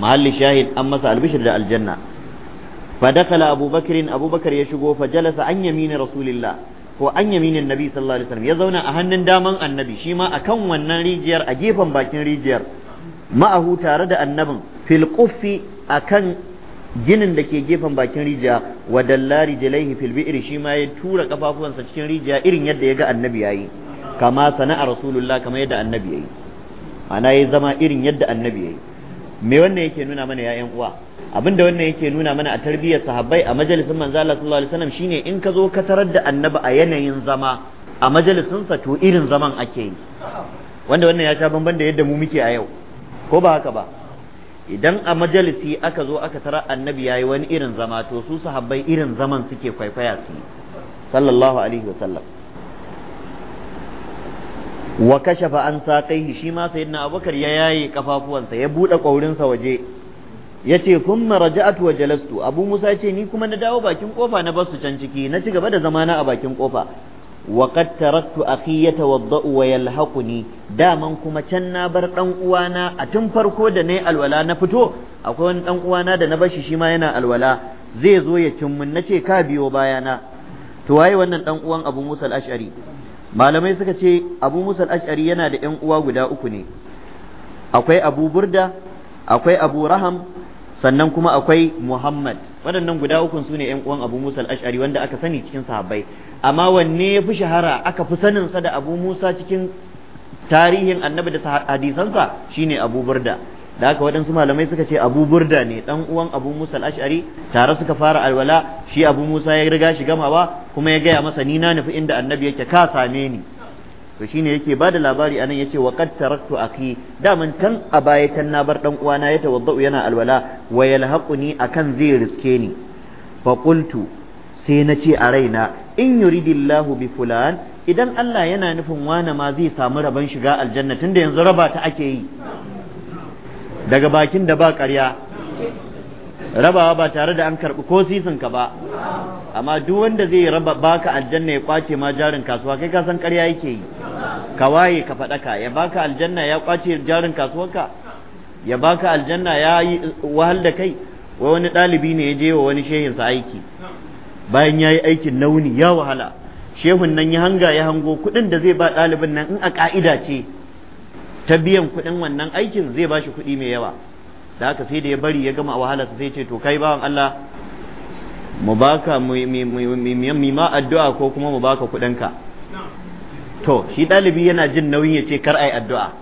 mahalli shahid an masa albishir da aljanna Fa أبو بكر أبو بكر يشغو فجلس عن يمين رسول الله ko an yaminin nabi sallallahu alaihi wasallam ya zauna a hannun daman annabi shi ma akan wannan rijiyar a gefen bakin rijiyar ma'ahu tare da annabin fil quffi akan ginin da ke gefen bakin rijiya wa dallari jalaihi fil bi'r shi ma ya tura kafafuwansa cikin rijiya irin yadda ya ga annabi yayi kama sana'a rasulullah kama yadda annabi yayi ana ya zama irin yadda annabi yayi me wannan yake nuna mana ya uwa abinda wannan yake nuna mana a tarbiyyar sahabbai a majalisin manzo Allah sallallahu alaihi wasallam shine in ka zo ka tarar da annabi a yanayin zama a majalisin sa to irin zaman ake yi wanda wannan ya sha bamban da yadda mu muke a yau ko ba haka ba idan a majalisi aka zo aka tara annabi yayi wani irin zama to su sahabbai irin zaman suke kwaikwaya su sallallahu alaihi wasallam wa kashafa an saqaihi shi ma sayyidina abubakar ya yaye kafafuwansa ya bude kwaurinsa waje yace thumma raja'at wa jalastu abu musa yace ni kuma na dawo bakin kofa na basu can ciki na ci gaba da zamana a bakin kofa wa qad taraktu akhi yatawadda'u wa yalhaquni daman kuma can na bar dan uwana a tun farko da nayi alwala na fito akwai wani dan uwana da na bashi shi ma yana alwala zai zo ya cin mun nace ka biyo bayana to waye wannan dan uwan Abu Musa al-Ash'ari malamai suka ce Abu Musa al-Ash'ari yana da ƴan uwa guda uku ne akwai Abu Burda akwai Abu Raham sannan kuma akwai Muhammad waɗannan guda ukun su ne ‘yan uwan abu musa al'ashari wanda aka sani cikin sahabbai amma wanne ya fi shahara aka fi sanin sa da abu musa cikin tarihin annabi da hadisansa shine abu burda da haka waɗansu malamai suka ce abu burda ne ɗan uwan abu musa al'ashari tare suka fara alwala shi abu musa ya riga shi gamawa kuma ya gaya masa ni na nufi inda annabi yake ka same ni to shine yake bada labari anan yace wa qad taraktu akhi daman tan a baya can na bar dan uwana ya tawaddu yana alwala wa yalhaquni akan zai riske ni fa qultu sai na ce a raina in yuridillahu bi fulan idan Allah yana nufin wana ma zai samu rabon shiga aljanna tunda yanzu raba ta ake yi daga bakin da ba ƙarya rabawa ba tare da an karɓi ko sisin ka ba amma duk wanda zai raba baka aljanna ya kwace ma jarin kasuwa kai ka san ƙarya yake yi ka waye ka faɗaka ya baka aljanna ya kwace jarin kasuwarka ya baka aljanna ya yi uh, wahal da kai wai wani ɗalibi ne ya je wa wani shehin sa aiki bayan ya yi aikin nauni ya wahala shehun nan ya hanga ya hango kuɗin da zai ba ɗalibin nan in a ka'ida ce ta biyan kuɗin wannan aikin zai ba shi kuɗi mai yawa da aka sai da ya bari ya gama wahala sai ce to kai bawan Allah mu baka mi ma addu'a ko kuma mu baka ka to shi ɗalibi yana jin nauyin ya ce kar ai addu'a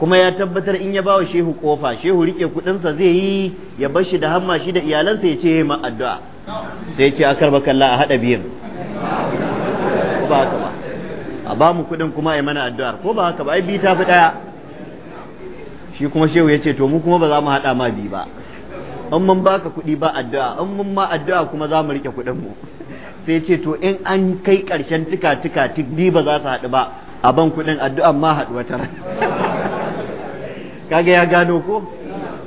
kuma ya tabbatar in ya bawa shehu kofa shehu rike kuɗinsa zai yi ya bar shi da hamma shi da iyalansa ya ce yi ma addu'a sai ce akar Allah a haɗa biyan ba haka ba a ba mu kuɗin kuma a yi mana addu'a ko ba haka ba ai bi ta fi ɗaya shi kuma shehu ya ce to mu kuma ba za mu haɗa ma bi ba an mun baka kuɗi ba addu'a an mun ma addu'a kuma za mu rike kuɗin mu sai ce to in an kai ƙarshen tika tika tik bi ba za su haɗu ba a ban kuɗin addu'a ma haɗu wata kaga ya gano ko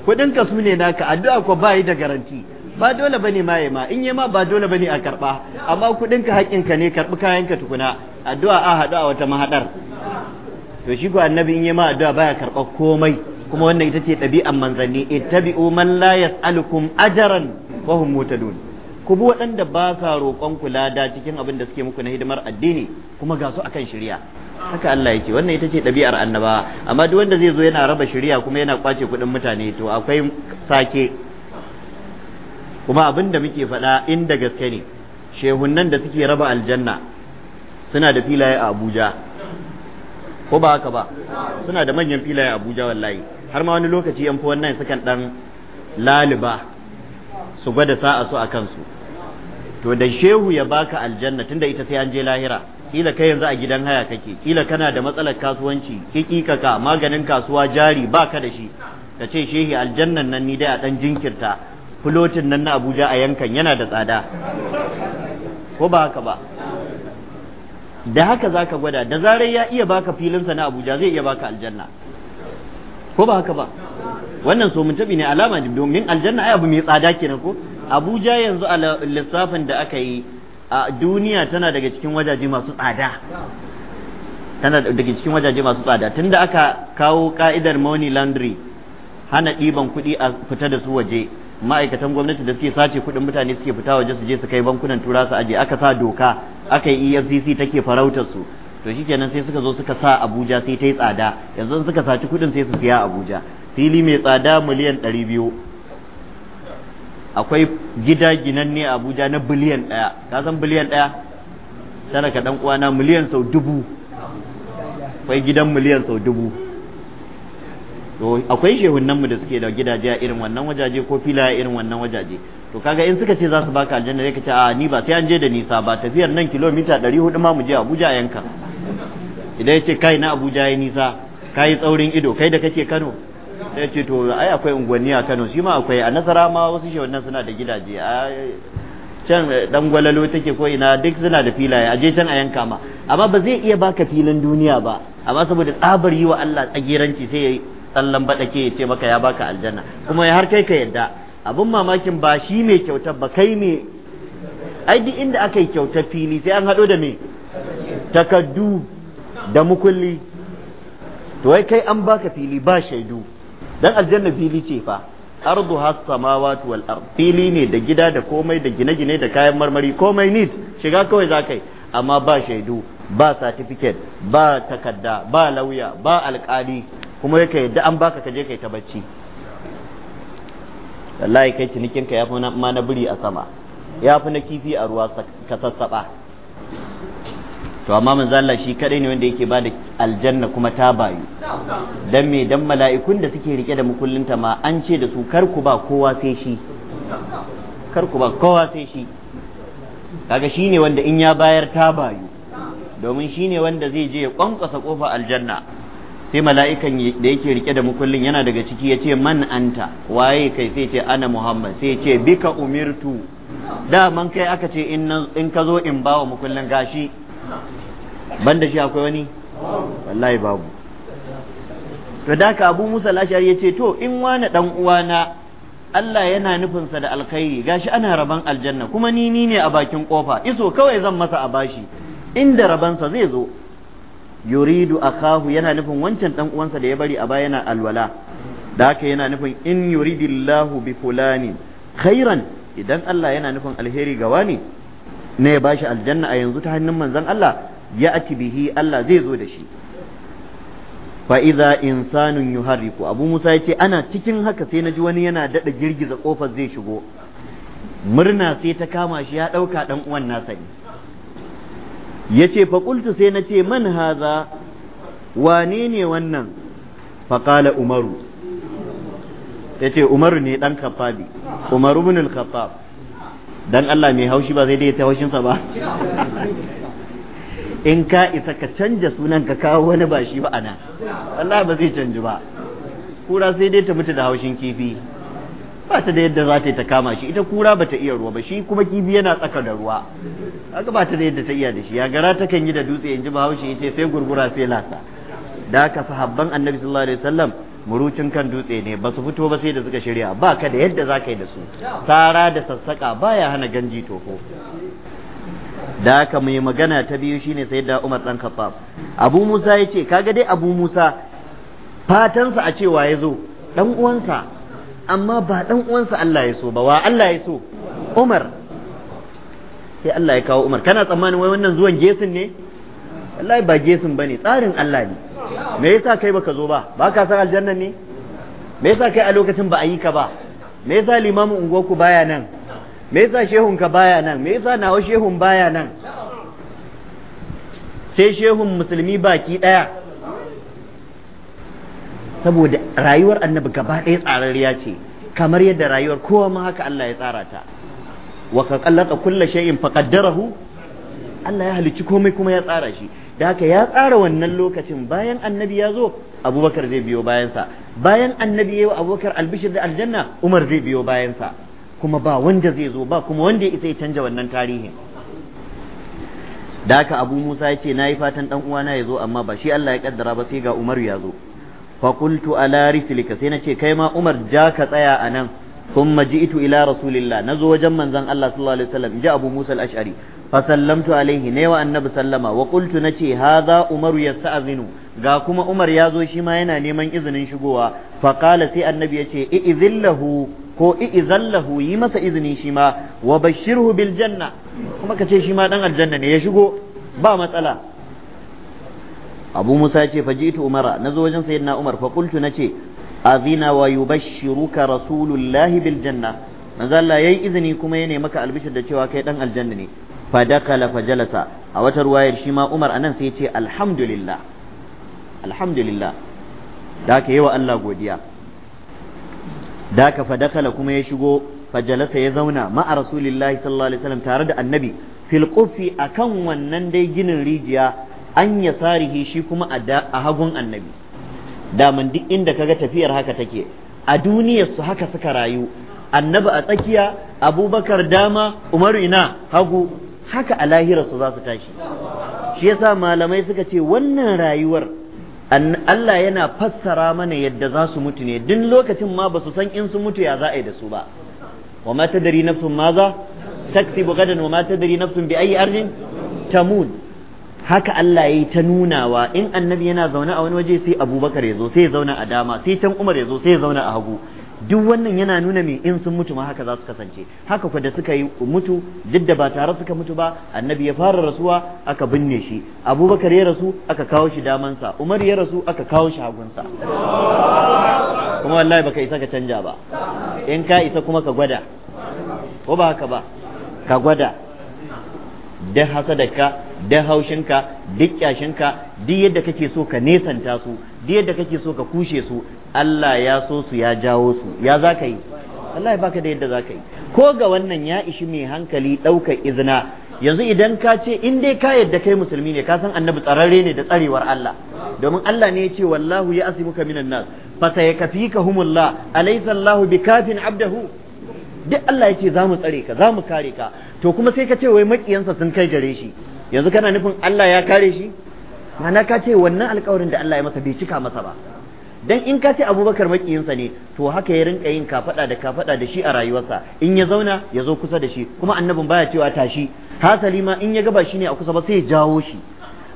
kuɗin ka su ne naka addu'a ko ba yi da garanti ba dole bane ma ya ma in yi ma ba dole bane a karɓa amma kuɗin ka haƙƙin ka ne karɓi kayan ka tukuna addu'a a haɗu a wata mahaɗar to shi ko annabi in yi ma addu'a baya karɓar komai kuma wannan ita ce ɗabi'an manzanni tabi man la yas'alukum ajaran wa hum mutadun ku bi waɗanda ba sa roƙon ku lada cikin abin da suke muku na hidimar addini kuma ga su akan shari'a haka Allah ce wannan ita ce ɗabi'ar annabawa amma duk wanda zai zo yana raba shari'a kuma yana kwace kuɗin mutane to akwai sake kuma abin da muke faɗa inda gaske ne shehunnan da suke raba aljanna suna da filaye a Abuja ko ba haka ba suna da manyan filaye Abuja wallahi har ma wani lokaci yan fi wannan sukan dan laliba su gwada sa'a su a kansu to da shehu ya baka aljanna tunda ita sai an je lahira kila kai yanzu a gidan haya kake kila kana da matsalar kasuwanci ka maganin kasuwa jari baka da shi ka ce shehi aljannan nan ni dai a dan jinkirta fulotin nan na Abuja a yankan yana da tsada ko ba haka ba da haka zaka gwada da zarar ya iya baka filinsa na Abuja zai iya baka aljanna ko ba haka ba wannan so mun tabi ne alama ne domin aljanna ai abu mai tsada kenan ko Abuja yanzu a lissafin da aka yi a duniya tana daga cikin wajaje masu tsada tana daga cikin wajaje masu tsada tunda aka kawo ka'idar money laundry hana ɗiban kuɗi a fita da su waje ma'aikatan gwamnati da suke sace kuɗin mutane suke fita waje su je su kai bankunan tura su aje aka sa doka aka yi EFCC take farautar su to shikenan sai suka zo suka sa Abuja sai ta yi tsada yanzu suka saci kuɗin sai su siya Abuja fili mai tsada miliyan ɗari biyu akwai gida ginanne a Abuja na biliyan ɗaya ka san biliyan ɗaya tana ka ɗan uwana miliyan sau dubu akwai gidan miliyan sau dubu to akwai shehunnan mu da suke da gidaje a irin wannan wajaje ko fila a irin wannan wajaje to kaga in suka ce za su baka aljanna zai ka ce a ni ba sai an je da nisa ba tafiyar nan kilomita 400 ma mu je Abuja yanka idan ya ce kai na Abuja yayi nisa kai tsaurin ido kai da kake Kano sai ce to ai akwai unguwanni a Kano shi ma akwai a Nasara ma wasu shehunan suna da gidaje a can dan eh, gwalalo take ko ina duk suna da filaye a je can a yanka ma amma ba zai iya baka filin duniya ba amma saboda tsabar yi wa Allah tsagiranci sai tsallan baɗa ya ce maka ya baka aljanna kuma ya har kai ka yadda abin mamakin ba shi mai kyautar ba kai mai ai duk inda aka yi kyautar fili sai an haɗo da me takaddu da mukulli to wai kai an baka fili ba shaidu dan aljanna fili ce fa ardu has samawati wal ard fili ne da gida da komai da gine-gine da kayan marmari komai nit shiga kawai za kai amma ba shaidu ba satifiket ba takadda ba lauya ba alkali kuma yake yadda an baka ka je kai ta bacci wallahi kai cinikin ka yafi ma na biri a sama yafi na kifi a ruwa ka sassaba to amma mun zalla shi kadai ne wanda yake bada aljanna kuma ta bayu dan me dan mala'ikun da suke rike da mukullinta ma an ce da su kar ku ba kowa sai shi kar ba kowa sai shi kaga shine wanda in ya bayar ta bayu domin shine wanda zai je ya kwankwasa kofar aljanna sai mala'ikan da yake rike da mukullin yana daga ciki ya ce man anta waye kai sai ce ana muhammad sai ce bika umirtu daman kai aka ce in ka zo in bawa mukullin gashi banda shi akwai wani wallahi babu to da ka abu musa lashari ya ce to in wani dan uwana Allah yana nufinsa da alkhairi gashi ana rabon aljanna kuma ni ni ne a bakin kofa iso kawai zan masa a bashi inda rabansa zai zo yuridu akahu yana nufin wancan dan uwansa da ya bari a baya yana alwala da haka yana nufin in yuridillahu bi fulani khairan idan Allah yana nufin alheri ga wani ne ya bashi aljanna a yanzu ta hannun manzon Allah ya ati bihi Allah zai zo da shi fa idza insanun yuharriku abu musa yace ana cikin haka sai naji wani yana dada girgiza kofar zai shigo murna sai ta kama shi ya dauka dan uwan nasa yace ce faƙultu sai na ce man haza wane ne wannan faƙala Umaru. Ya ce umaru ne ɗan kafabi umaru ibn al don dan Allah mai haushi ba zai dai ta haushinsa ba in ka isa ka canja sunan ka kawo wani ba shi ba ana Allah ba zai canji ba kura sai dai ta mutu da haushin kifi ba ta da yadda za ta yi ta kama shi ita kura ba ta iya ruwa ba shi kuma kibi yana tsaka da ruwa haka ba ta da yadda ta iya da shi ya gara ta kan yi da dutse in ji bahaushe ya ce sai gurgura sai lasa da haka sahabban annabi sallallahu alaihi wasallam murucin kan dutse ne ba su fito ba sai da suka shirya ba ka da yadda za ka yi da su tsara da sassaka ya hana ganji toho da haka mai magana ta biyu shine sai da umar dan kafa abu musa ya ce kaga dai abu musa fatansa a cewa ya zo dan uwansa amma ba dan uwansa Allah ya so ba wa Allah ya so Umar sai Allah ya kawo Umar kana tsammanin wai wannan zuwan gesin ne wallahi ba gesin bane tsarin Allah ne me yasa kai baka zo ba ba san aljanna ne me yasa kai a lokacin ba a ka ba me yasa limamin unguwarku baya nan me yasa shehun ka baya nan me yasa nawa shehun baya nan sai shehun musulmi baki daya saboda rayuwar annabi gaba ɗaya tsararriya ce kamar yadda rayuwar kowa ma haka Allah ya tsara ta wa ka kallaka kulla shay'in fa qaddarahu Allah ya halicci komai kuma ya tsara shi da haka ya tsara wannan lokacin bayan annabi ya zo abubakar zai biyo bayansa bayan annabi ya abubakar albishir da aljanna umar zai biyo bayansa kuma ba wanda zai zo ba kuma wanda ya isa canja wannan tarihin da haka abu musa ya ce na yi fatan dan uwana ya zo amma ba shi allah ya kaddara ba sai ga Umaru ya zo fakultu ala rislika sai na ce kai ma umar ja ka tsaya a nan ثم جئت الى رسول الله نزو وجن منزن الله abu musa عليه fasallamtu alaihi ابو موسى annabi فسلمت عليه نيوا النبي سلم وقلت نتي هذا ga kuma Umar ya zo shi ma yana neman izinin shigowa faƙala sai annabi ya ce i'izillahu ko i'izallahu yi masa izini shi ma wa bashirhu bil janna kuma ka ce shi ma dan aljanna ne ya shigo ba matsala abu musa ce fajitu umara zo wajen sayyidina umar fa qultu nace azina wa yubashshiruka rasulullahi bil janna manzo Allah yayi izini kuma ya maka albishir da cewa kai dan aljanna ne fa dakala fa jalasa a wata ruwayar shi ma umar anan sai ce alhamdulillah alhamdulillah da ka yi wa Allah godiya da ka fa dakala kuma ya shigo fa jalasa ya zauna ma'a rasulillahi sallallahu alaihi wasallam tare da annabi fil qufi akan wannan dai ginin rijiya an ya sarihi shi kuma a hagun annabi daman duk inda kaga tafiyar haka take a duniyar su haka suka rayu annabi a tsakiya abubakar dama umaru ina hagu haka a lahirarsu za su tashi shi yasa malamai suka ce wannan rayuwar Allah yana fassara mana yadda za su mutu ne duk lokacin ma ba su san in su mutu ya za a yi da su ba wa ma tadari nafsun ma za taktibu wa ma tadari nafsun bi ayi arjin tamun haka Allah ya yi ta nunawa in annabi yana zaune a wani waje sai abubakar ya zo sai ya zauna a dama sai can umar ya zo sai ya zauna a hagu duk wannan yana nuna mai in sun mutu ma haka za su kasance haka kwa da suka yi mutu duk da ba tare suka mutu ba annabi ya fara rasuwa aka binne shi abubakar ya rasu aka kawo shi damansa umar ya rasu aka kawo shi hagunsa kuma wallahi baka isa ka canja ba in ka isa kuma ka gwada ko ba haka ba ka gwada dan hasa da ka da haushinka duk kyashinka duk yadda kake so ka nesanta su duk yadda kake so ka kushe su Allah ya so su ya jawo su ya za ka yi Allah baka da yadda za ka yi ko ga wannan ya ishi mai hankali ɗaukar izina yanzu idan ka ce in dai ka yadda kai musulmi ne ka san annabi tsararre ne da tsarewar Allah domin Allah ne ya ce wallahu ya asimuka minan nas fa sayakfika humullah alaysa Allah bikafin abdahu duk Allah ya ce za mu tsare ka za mu kare ka to kuma sai ka ce wai makiyansa sun kai gare shi yanzu kana nufin Allah ya kare shi ma'ana ka ce wannan alƙawarin da Allah ya masa bai cika masa ba dan in ka ce Abubakar makiyinsa ne to haka ya rinka yin kafaɗa da kafaɗa da shi a rayuwarsa in ya zauna ya zo kusa da shi kuma annabin baya cewa tashi hasali ma in ya gaba shi ne a kusa ba sai ya jawo shi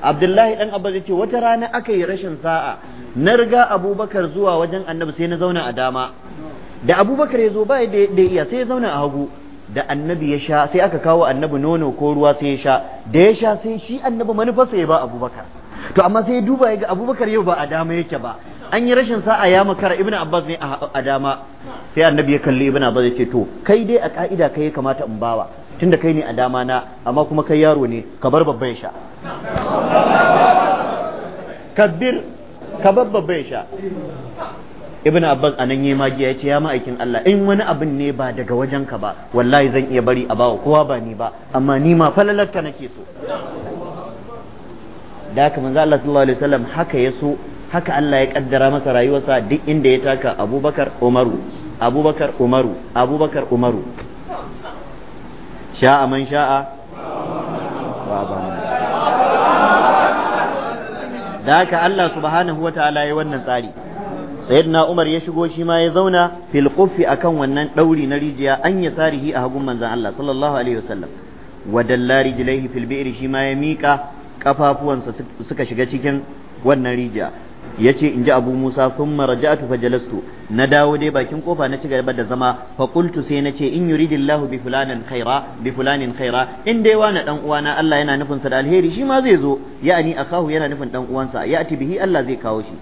abdullahi dan abbas ya ce wata rana aka yi rashin sa'a na riga abubakar zuwa wajen annabi sai na zauna a dama da abubakar ya zo ba da iya sai ya zauna a hagu da annabi ya sha sai aka kawo annabi nono ko ruwa sai ya sha da ya sha sai shi annabi manufarsa ya ba abubakar to amma sai duba ya ga abubakar yau ba a dama yake ba an yi rashin sa'a ya makara Ibn abbas ne a dama sai annabi ya kalli Ibn abbas ya ce to kai dai a ka'ida kai ya kamata in bawa tunda kai ne a dama na amma kuma kai yaro ne ka bar babban sha kabbir ka bar babban sha ibn abbas anan yayi magiya yace ya ma'aikin Allah in wani abin ne ba daga wajenka ba wallahi zan iya bari a bawa kowa ba ni ba amma ni ma falalarka nake so da haka manzo Allah sallallahu alaihi wasallam haka ya so haka Allah ya kaddara masa rayuwarsa duk inda ya taka Abubakar Umaru Abubakar Umaru Abubakar Umaru sha'a man sha'a wa da haka Allah subhanahu wataala ta'ala wannan tsari sayyidina Umar ya shigo shi ma ya zauna fil qufi akan wannan dauri na rijiya an ya sarihi a hagun manzon Allah sallallahu alaihi wasallam wa dalla rijlaihi fil bi'r shi ma ya mika kafafuwansa suka shiga cikin wannan rijiya yace in ji Abu Musa thumma raja'tu fajalastu na dawo dai bakin kofa na ci gaba da zama fa qultu sai nace in yuridillahu bi fulanin khaira bi fulanin khaira in dai wani dan uwana Allah yana nufin sa da alheri shi ma zai zo ya'ani akahu yana nufin dan uwansa ya'ti bihi Allah zai kawo shi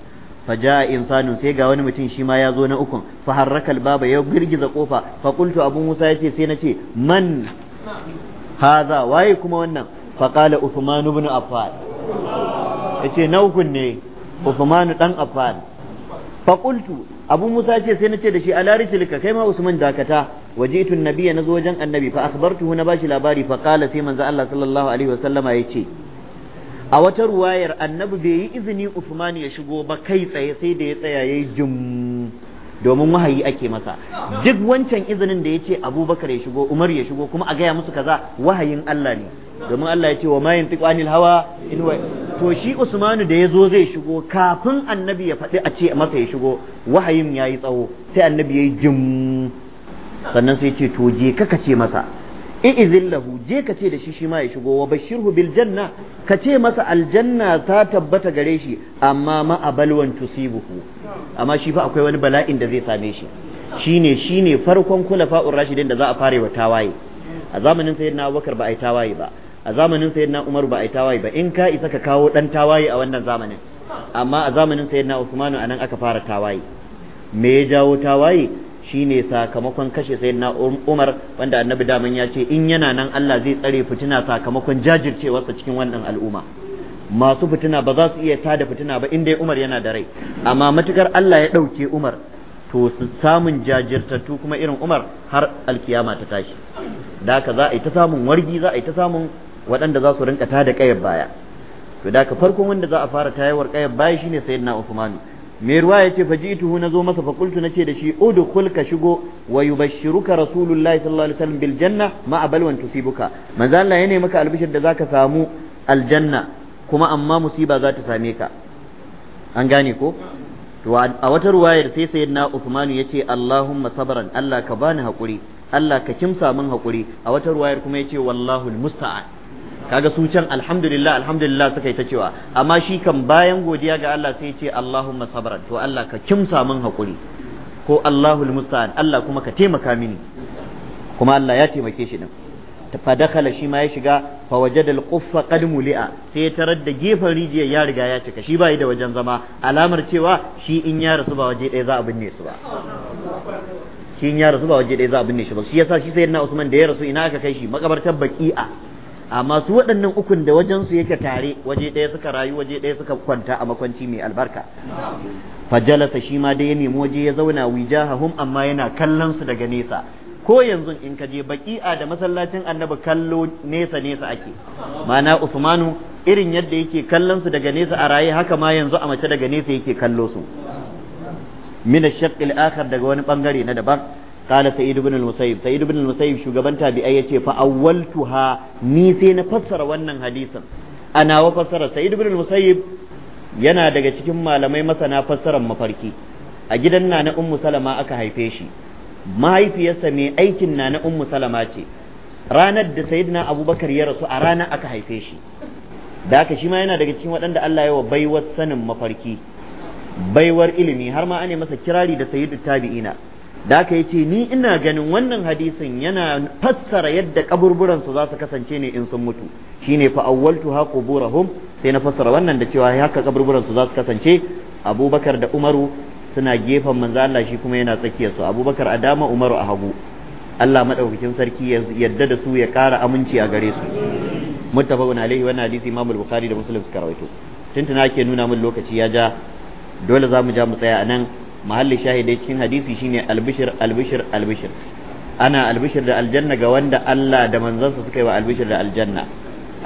faja'a insanu sai ga wani mutum shi ma ya zo na ukun fa harraka baba ya girgiza kofa fa qultu abu musa yace sai nace man haza waye kuma wannan fa qala uthman ibn affan yace na ukun ne uthman dan affan fa qultu abu musa yace sai nace da shi ala risilka kai ma usman dakata wajitu nabiyya nazo wajen annabi fa akhbartuhu na bashi labari fa qala sai manzo Allah sallallahu alaihi wasallama yace a wata ruwayar annabi bai yi izini Usman ya shigo ba kai tsaye sai da ya tsaya yayi jim domin wahayi ake masa duk wancan izinin da yace ce abubakar ya shigo umar ya shigo kuma a gaya musu kaza wahayin Allah ne domin Allah ya ce wa mayin tiqanil hawa in wa to shi usmanu da ya zo zai shigo kafin annabi ya faɗi a ce masa ya shigo wahayin yayi tsawo sai annabi yayi yi sannan sai ce to je ka ce masa i'izin lahu je ka ce da shi shi ma ya shigo wa bashirhu bil janna ka ce masa aljanna ta tabbata gare shi amma ma a balwan tusibuhu amma shi fa akwai wani bala'in da zai same shi shine shine farkon kulafa'ur rashidin da za a fare wa tawaye a zamanin sayyidina Abubakar ba a yi tawaye ba a zamanin sayyidina Umar ba a yi tawaye ba in ka isa ka kawo dan tawaye a wannan zamanin amma a zamanin sayyidina Usman anan aka fara tawaye me ya jawo tawaye shine sakamakon kashe na um-, Umar wanda annabi daman ya ce in yana nan Allah zai tsare fitina sakamakon jajircewarsa cikin wannan al'umma masu fitina ba za su iya tada fitina ba inda Umar yana da rai amma matukar Allah ya ɗauke Umar to su samun jajirtattu kuma irin Umar har alkiyama ta tashi da haka za a yi ta samun wargi za a yi ta samun waɗanda za su rinka tada kayar baya to da haka farkon wanda za a fara tayawar kayar baya shine sayyidina Uthman mai ruwa ya ce faji'tuhu na zo masa fakultu na ce da shi udkhul ka shigo wa yubashshiruka rasulullahi sallallahu alaihi wasallam bil janna ma abalwan tusibuka manzo Allah yana maka albishir da zaka samu aljanna kuma amma musiba za ta same ka an gane ko to a wata ruwayar sai sayyidina Uthman ya ce Allahumma sabran Allah ka bani hakuri Allah ka kimsa min hakuri a wata ruwayar kuma ya ce wallahul musta'an kaga su can alhamdulillah alhamdulillah suka yi ta cewa amma shi kan bayan godiya ga Allah sai ce Allahumma sabran to Allah ka kimsa min hakuri ko Allahul musta'an Allah kuma ka taimaka mini kuma Allah ya taimake shi din fa dakala shi ma ya shiga fa wajada al-quffa qad muli'a sai ya tarar da gefen rijiyar ya riga ya cika shi bai da wajen zama alamar cewa shi in ya rasu ba waje ɗaya za a binne su ba shi in ya rasu ba waje ɗaya za a binne shi ba shi yasa shi sayyidina Usman da ya rasu ina aka kai shi makabartar baqi'a amma su waɗannan ukun da wajen su yake tare waje ɗaya suka rayu waje ɗaya suka kwanta a makwanci mai albarka fajalasa shi ma dai ya nemi waje ya zauna wijahahum amma yana kallon su daga nesa ko yanzu in ka je baki'a da masallacin annabi kallo nesa nesa ake mana usmanu irin yadda yake kallon su daga nesa a raye haka ma yanzu a mace daga nesa yake kallo su min ash-shaqq al-akhar daga wani bangare na daban kala sa'id ibn al-musayyib sa'id ibn al-musayyib shugaban tabi'ai yace fa awwaltuha ni sai na fassara wannan hadisin ana wa fassara sa'id ibn al-musayyib yana daga cikin malamai masana fassarar mafarki a gidan nana ummu salama aka haife shi mahaifiyarsa mai aikin nana ummu salama ce ranar da sayyidina abubakar ya rasu a rana aka haife shi da haka shi ma yana daga cikin waɗanda Allah ya wa baiwar sanin mafarki baiwar ilimi har ma an yi masa kirari da sayyidu tabi'ina da aka yace ni ina ganin wannan hadisin yana fassara yadda kaburburan su za su kasance ne in sun mutu shine fa awwaltu ha quburahum sai na fassara wannan da cewa haka kaburburan su za su kasance Abubakar da Umaru suna gefen manzo Allah shi kuma yana tsakiyar su Abubakar a dama Umaru a hagu Allah madaukakin sarki ya yadda da su ya kara aminci a gare su muttafaqun alaihi wannan hadisi Imam Bukhari da Muslim suka rawaito tuntuna ke nuna min lokaci ya ja dole za mu ja mu tsaya anan. mahalli shahidai cikin hadisi shine albishir albishir albishir ana albishir da aljanna ga wanda Allah da manzansa suka yi wa albishir da aljanna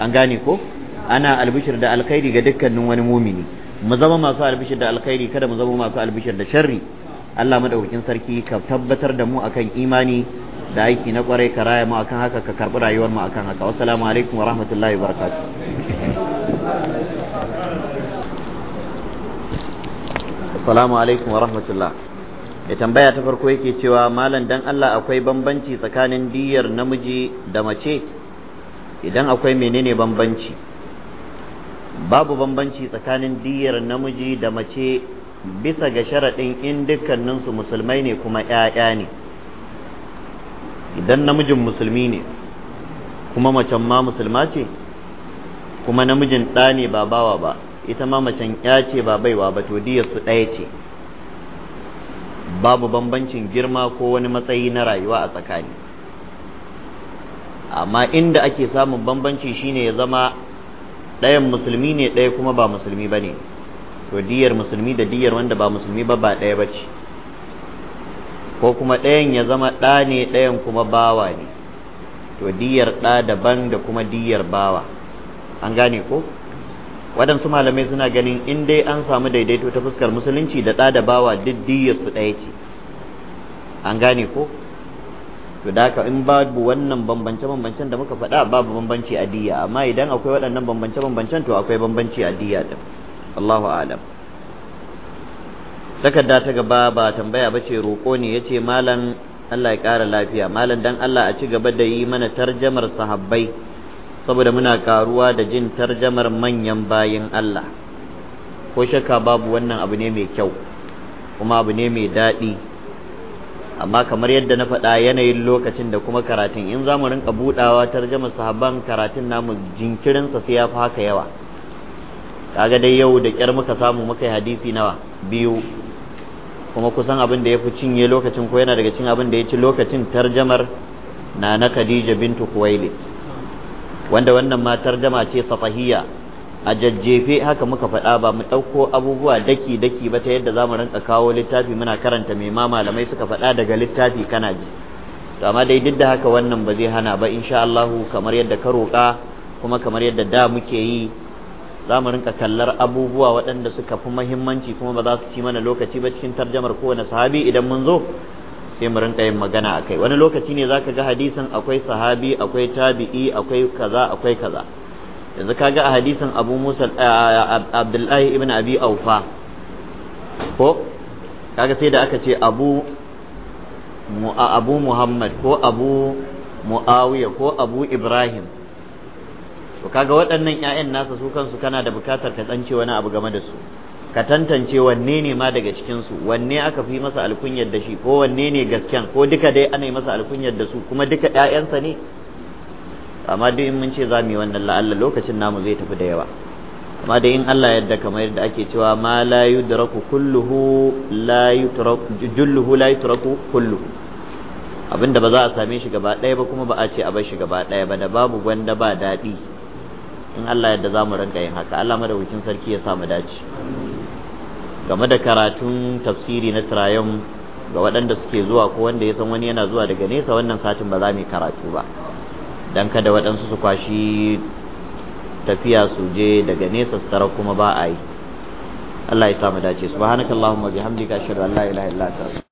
an gane ko ana albishir da alkhairi ga dukkanin wani mumini mu zama masu albishir da alkhairi kada mu zama masu albishir da sharri Allah madaukakin sarki ka tabbatar da mu akan imani da aiki na kwarai ka raya mu akan haka ka karbi rayuwar mu akan haka wassalamu alaikum wa rahmatullahi wa barakatuh assalamu alaikum wa rahmatullah ya tambaya ta farko yake cewa malam dan Allah akwai bambanci tsakanin diyar namiji da mace idan akwai menene bambanci babu bambanci tsakanin diyar namiji da mace bisa ga sharaɗin in dukkaninsu musulmai ne kuma ‘ya'ya ne idan namijin musulmi ne kuma macen ma musulma ce kuma namijin ɗa ne ba bawa ba ita ma macen ya ce ba baiwa ba to diyar su ɗaya ce babu bambancin girma ko wani matsayi na rayuwa a tsakani amma inda ake samun bambanci shine ya zama ɗayan musulmi ne ɗaya kuma ba musulmi ba ne to diyar musulmi da diyar wanda ba musulmi ba ba ɗaya ba ce ko kuma ɗayan ya zama ɗa ne ɗayan kuma bawa ne to diyar ɗa daban da kuma diyar bawa an gane ko waɗansu malamai suna ganin in dai an samu daidaito ta fuskar musulunci da ɗa da bawa diddiyar su ɗaya ce an gane ko to da in babu wannan bambance bambancen da muka faɗa babu bambanci a diya amma idan akwai waɗannan bambance bambancen to akwai bambanci a diya din Allahu a'lam takarda ta gaba ba tambaya ba ce roƙo ne yace malam Allah ya ƙara lafiya malam dan Allah a ci gaba da yi mana tarjamar sahabbai saboda muna karuwa da jin tarjamar manyan bayin Allah ko shakka babu wannan abu ne mai kyau kuma abu ne mai daɗi amma kamar yadda na faɗa yanayin lokacin da kuma karatun in za mu rinka buɗawa tarjamar sahabban karatun namu jinkirinsa sai ya fi haka yawa kaga dai yau da ƙyar muka samu muka yi hadisi nawa biyu kuma kusan abin da ya fi cinye lokacin ko yana daga cin abin da ya ci lokacin tarjamar na na khadija bintu kuwailit wanda wannan matar jama ce safahiyya a jajjefe haka muka faɗa ba mu ɗauko abubuwa daki daki ba ta yadda za mu rinka kawo littafi muna karanta mai ma malamai suka faɗa daga littafi kana ji to amma dai duk da haka wannan ba zai hana ba insha Allahu kamar yadda ka roƙa kuma kamar yadda da muke yi za mu rinka kallar abubuwa waɗanda suka fi muhimmanci kuma ba za su ci mana lokaci ba cikin tarjamar kowane sahabi idan mun zo sai mu rinka yin magana akai wani lokaci ne zaka ga hadisin akwai sahabi akwai tabi'i akwai kaza akwai kaza yanzu kaga a hadisin Abu Musa Abdullahi ibn Abi Aufa ko kaga sai da aka ce Abu Abu Muhammad ko Abu Muawiya ko Abu Ibrahim to kaga waɗannan 'ya'yan nasa su kansu kana da bukatar ka tsance wani abu game da su ka tantance wanne ne ma daga cikinsu wanne aka fi masa alkunyar da shi ko wanne ne gasken ko duka dai ana yi masa alkunyar da su kuma duka ‘ya'yansa ne amma duk in mun ce za mu yi wannan la'alla lokacin namu zai tafi da yawa amma da in Allah yadda kamar yadda ake cewa ma la yudraku kulluhu la yutraku julluhu la yutraku kulluhu abinda ba za a same shi gaba ɗaya ba kuma ba a ce a bar shi gaba ɗaya ba da babu gwanda ba daɗi in Allah yadda za mu rinka yin haka Allah madaukakin sarki ya samu dace game da karatun tafsiri na tirayen ga waɗanda suke zuwa ko wanda ya san wani yana zuwa daga nesa wannan satin ba za mu yi karatu ba dan kada waɗansu su kwashi tafiya su je daga nesa su tara kuma ba a yi Allah ya samu dace subhanakallahumma bihamdika ashhadu an la ilaha illa anta